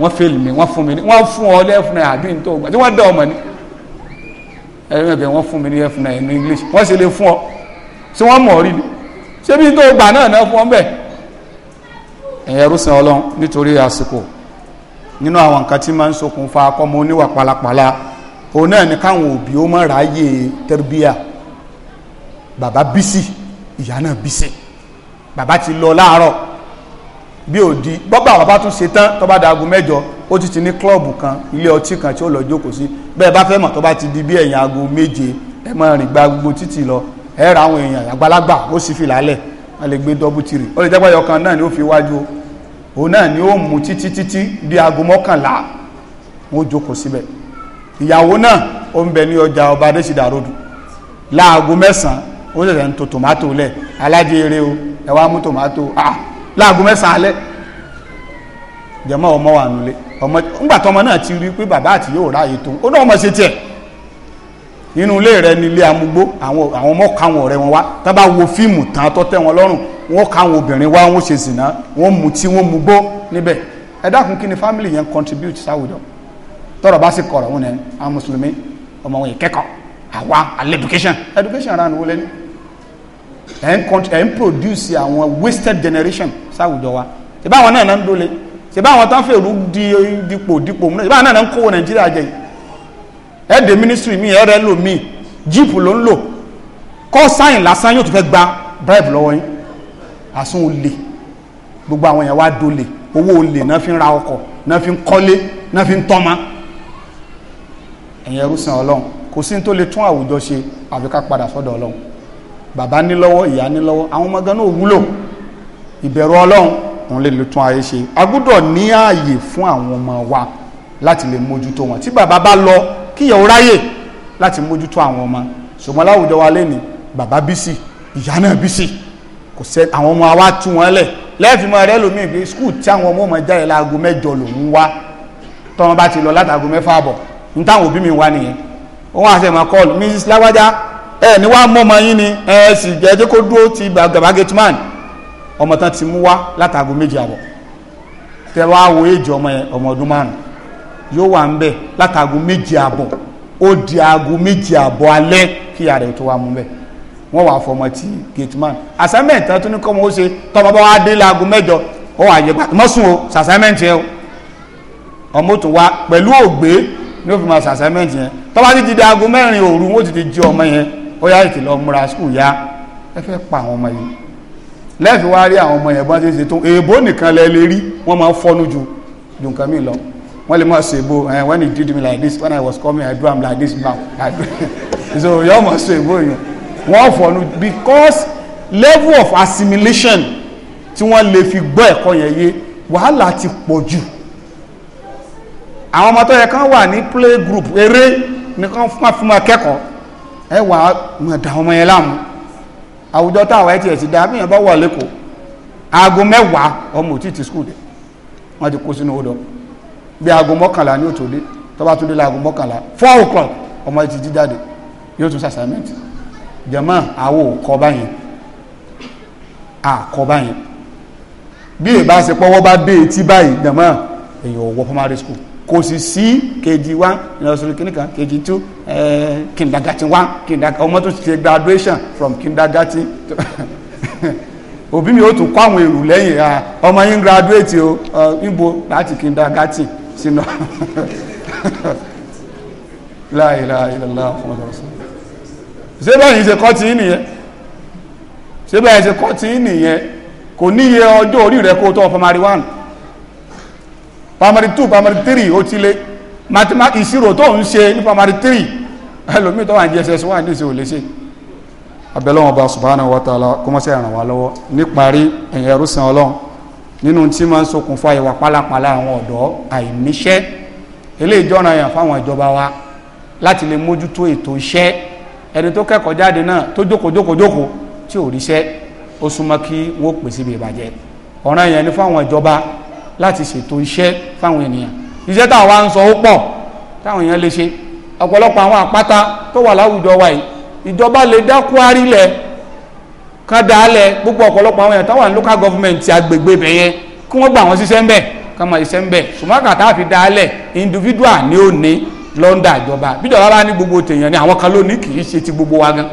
wọ́n fèlì mi wọ́n fún mi ní wọ́n fún ọ lẹ́fúnra àbí ní tó gbà tí wọ́n dá ọmọ ni ẹ̀rọ ẹ̀bẹ̀ wọ́n fún mi ní lẹ́fúnra English wọ́n ṣe lè fún ọ ṣé wọ́n mọ̀ ẹ̀yẹ rúsìn ọlọ́run nítorí àsìkò nínú àwọn nǹkan tí máa ń ṣokùnfà akọ́mọ oníwà pálapàla òun náà ní káwọn òbí ó mọ̀ ráyè tẹ́rbíà bàbá bísí ìyá náà bísí bàbá ti lọ láàárọ̀ bí ò di bọ́bà bàbá tún ṣe tán tó bá da aago mẹ́jọ ó ti ti ní klọ́ọ̀bù kan ilé ọtí kan tí ó lọ jókòó sí bẹ́ẹ̀ bá fẹ́ mọ̀ tó ti di bí ẹ̀yìn aago méje ẹ máa rìn gba gbogbo títì lọ ẹ ra àwọn èèyàn àgbàlagbà ó sì fi làálẹ̀ a lè gbé double jẹ́ pé ọ̀kan náà ni ó fi wájú o náà ni ó mú títí títí di aago mọ́kànlá wọ́n jókòó síbẹ̀ ìyàwó náà o ń bẹ ní ọjà ọba adésìdá ròdù láago mẹ́sàn ó ṣẹ̀ṣẹ̀ ń to lẹ̀ o ẹ mú ah láago mẹ́sàn alẹ́ jẹ́mọ́ ọmọ wà nulẹ̀ ọmọ náà ti rí pé bàbá nínú ilé rẹ ní ilé amúgbó àwọn ọmọ káwọn ọ̀rẹ́ wọn wá tá bá wo fíìmù tán tó tẹ́ wọn lọ́rùn wọn káwọn obìnrin wá wọn ṣe sìnà wọn mu tí wọn mu gbó níbẹ̀ ẹ dákun kí ni family yẹn contribute sáwùjọ tọrọ bá sì kọrọ wọn ni àwọn mùsùlùmí ọmọ wọn ìkẹ́kọ̀ọ́ àwa àlẹ education education ara nìwọlé ni ẹ ń ẹ ń produce àwọn wasted generation sáwùjọ wa ṣe báwọn náà náà ń dólé ṣe báwọn tán fèrú di dipò dipò múlẹ̀ ṣe báwọn náà náà ń kówó nàìjíríà jẹ ẹ̀ẹ́dẹ̀ ministry mi ẹ̀rẹ́ lò mí jíìpù ló ń lò kọ́ sáyìn lásán yóò tún fẹ́ gba bribe lọ́wọ́ yín àsún olè gbogbo àwọn èèyàn wá dolè owó olè náà fi ń ra ọkọ̀ náà fi ń kọ́lé náà fi ń tọ́mọ ẹ̀yin ẹrú sìn ọlọ́run kò sí tó lè tún àwùjọ ṣe àfi ká padà sọ́dọ̀ ọlọ́run bàbá ní lọ́wọ́ ìyá ní lọ́wọ́ àwọn ọmọ gan náà wúlò ìbẹ̀rù ọlọ́run òun lè lè tún ayé ṣe a gbọ́dọ̀ ní ààyè fún àwọn ọmọ wa láti lè mójútó wọn tí bàbá bá lọ kíyàwó ráyè láti mójútó àwọn ọmọ ṣùgbọ́n láwùjọ wa lẹ́ni bàbá bísí ìyá náà bísí kò sẹ́ àwọn ọmọ wa tú wọn lẹ̀ lẹ́ẹ̀fì mọ́ rẹ lómi ìgbé skul tí àwọn ọmọ ọmọ jáde láago mẹ́jọ lòún wá tọ́mọ bá ti lọ látàgò mẹ́fà bọ̀ n táwọn òbí mi wá nìyẹn òun àti ẹ̀mọ́ kọ́ọ̀lù mrs láwájá ẹ ní wàá mọ́ ọmọ yín ni ẹ sì jẹ́ jẹ́ kó dúró ti bàbá gateman ọmọ tán ti mú wá látàgò méjì àbọ̀ tẹ wá èjì ọmọ ọdún márùn yóò wà ń bẹ̀ látàgùn méje àbọ̀ ó di aago méje àbọ̀ alẹ́ kí ìyá rẹ̀ tó wà mú bẹ̀ wọ́n wà fọmọ tí gateman assignment tó ní kọ́mọ ó ṣe tọmọ bá wá dé láago mẹ́jọ ó wà yẹ pàtó mọ́sùn o sàṣàmẹ́ǹtì yẹn o ọmọ tó wá pẹ̀lú ògbé ní ó fi máa sàṣàmẹ́ǹtì yẹn tọ́ba ti di di aago mẹ́rin òru wọ́n ti ti jí ọmọ yẹn ó yá ìtìlẹ̀ ọmọra skul yá ẹ fẹ́ pa àwọn ọmọ yìí lẹ́ẹ̀fi wá rí àwọn ọmọ yẹn bọ́n ti ṣe tó èèbó nìkan lẹ wọ́n máa fọ́nú ju ju nǹkan míì lọ wọ́n lè mọ̀ ṣe ìbò ẹ̀ when he did me like this when I was coming I do am like this now I do (laughs) so yọ mọ̀ ṣe ìbò yẹn wọ́n fọ̀nù because level of assimilation tí wọ́n lè fi gbọ́ ẹ̀kọ́ yẹn yé wàhálà ti pọ̀ jù àwọn ọmọ tó yẹ kán wà ní play group eré nìkan fún àfihàn akẹ́kọ̀ọ́ ẹ wà mọ̀dà ọmọ yẹn láàmú àwùjọ táwọn ẹ̀ tiẹ̀ ti dá bí yẹn bá wà lẹ́kọ̀ọ́ aago mẹ́wàá ọmọ òtítì skul dẹ̀ wọ́n ti kó sínú odò bí aago mọ́kànlá ní òtòlé tó bá tún dé láago mọ́kànlá four o'clock ọmọ ẹ ti jí jáde yóò tún sàṣàmẹ́ntì jẹ̀mọ́ àwọ̀ kọ báyìí àkọ báyìí bí èbá ṣe pọ́wọ́ bá dé etí báyìí jẹ̀mọ́ èyàn ò wọ primary school kò sì sí kejì wá nursery kìnìkan kejì two kindergarten wá kindergarten ọmọ tó ti ṣe graduation from kindergarten (laughs) òbí mi ó tún kọ́ àwọn èrò lẹ́yìn ọmọ yín graduate o níbo láti kindergarten sínú la ilaha illallah Muhammadu rasulullah ṣé báyìí ṣe kọ́ tí nìyẹn ṣé báyìí ṣe kọ́ tí nìyẹn kò níye ọjọ́ orí rẹ kó tó primary one primary two primary three ó ti lé mathematics ìṣirò tó ń ṣe ní primary three ẹlòmíì tó wà ní jss one ní ìṣe ò lè ṣe abẹ́lẹ́wọ̀n ọba subhanahu wa ta'ala kó mọ́ sí ẹ̀ràn wa lọ́wọ́ níparí ẹ̀yìn ẹrú ọlọ́run nínú tí máa ń ṣokùnfà ìwà pálapàla àwọn ọ̀dọ́ àìníṣẹ́ eléyìí jọ́ra yàn fáwọn ìjọba wa láti lè mójútó ètò iṣẹ́ ẹni tó kẹ́kọ̀ọ́ jáde náà tó jókòó jókòó jókòó tí ò ríṣẹ́ ó súnmọ́ kí wọ́n pè síbi ìbàjẹ́ ọ̀ràn yẹn ni fáwọn ìjọba láti ṣètò iṣẹ́ fáwọn ènìyàn iṣẹ́ táwọn wa ń sọ ó pọ̀ táwọn èèyàn lè ṣe ọ̀pọ̀lọpọ̀ àwọn àpáta tó wà láwùjọ wa yìí ìjọba lè dá kúárì kan dálẹ̀ púpọ̀ ọ̀pọ̀lọpọ̀ àwọn èèyàn tó local government ti agbègbè ibẹ̀ yẹn kí wọ́n gbà wọ́n ṣiṣẹ́ ńbẹ̀ ká máa ṣiṣẹ́ ńbẹ̀ ṣùgbọ́n kàtà fi dálẹ̀ individual ni ó ní lọ́ndà ìjọba bíjọba bá ní gbogbo tèèyàn ni àwọn kan ló ní kì í ṣe ti gbogbo wa gan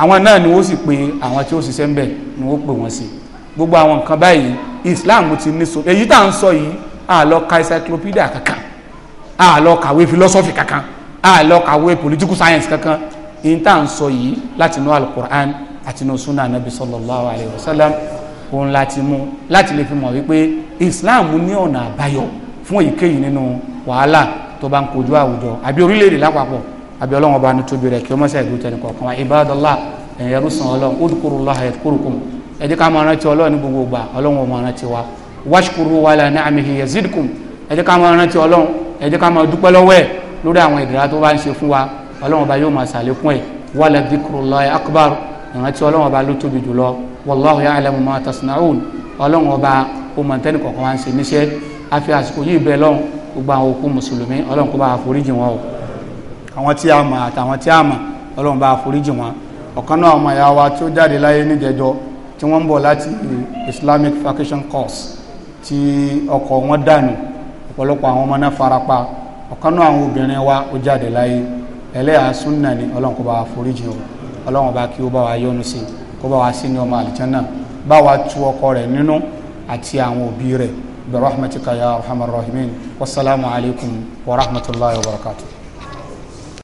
àwọn náà ni wọ́n sì pé àwọn tí ó ṣiṣẹ́ ńbẹ̀ ni wọ́n pè wọ́n sí gbogbo àwọn nǹkan báyìí Islam ti ní so èyí tá à ń sọ yìí àlọ́ ka encyclopedia kankan àlọ́ kàwé philosophy kankan àlọ́ kàwé political science kankan èyí tá à ń sọ àti inú súnà anabi sallallahu alayhi wa sallam òun láti mú láti lè fi mọ̀ wípé islam ní ọ̀nà àbáyọ fún èyíkéyìí nínú wàhálà tó bá ń kojú àwùjọ àbí orílẹ̀-èdè lápapọ̀ àbí ọlọ́run ọba ní tóbi rẹ̀ kí ó mọ̀sá ìlú tẹnu kọ̀ọ̀kan ibadallah ẹ̀yìn ẹrú sàn ọlọ́run udhkurullaha yadhkurukum ẹ jẹ́ ká máa rántí ọlọ́run ní gbogbo ìgbà ọlọ́run ó rántí wa washkuru wa la ni'amihi yazidkum ẹ jẹ́ ká máa rántí ọlọ́run ẹ ká máa dúpẹ́ lọ́wọ́ ẹ̀ lórí àwọn ìdíra tó bá ń ṣe fún wa ọlọ́run ọba yóò máa ṣàlékún ẹ̀ wala dhikrullahi akbar ìrántí ọlọ́run ọba ló tóbi jùlọ wallahu ya'lamu ma tasna'un ọlọ́run ọba ó mọ̀ tẹ́nì kọ̀ọ̀kan wá ń ṣe níṣẹ́ a fi àsìkò yìí bẹ́ẹ̀ lọ́hùn gbogbo àwọn òkú mùsùlùmí ọlọ́run kó bá àforíjì wọn o àwọn tí a mọ̀ àtàwọn tí a mọ̀ ọlọ́run bá àforíjì wọn ọ̀kan náà ọmọ ìyá wa tí ó jáde láyé níjẹjọ tí wọ́n ń bọ̀ láti Islamic vacation course tí ọkọ̀ wọn dànù ọ̀pọ̀lọpọ̀ àwọn ọmọ náà farapa ọ̀kan náà àwọn obìnrin wa ó jáde láyé ẹlẹ́yà súnà ni ọlọ́run kó bá àforíjì wọn ọlọ́run bá kí ó bá wa yọ́nú sí kó bá wa sí ní ọmọ àlìjánná bá wa tu ọkọ rẹ̀ nínú àti àwọn òbí rẹ̀ bi rahmatika ya arhamar wa rahmatulahi wa barakatuh.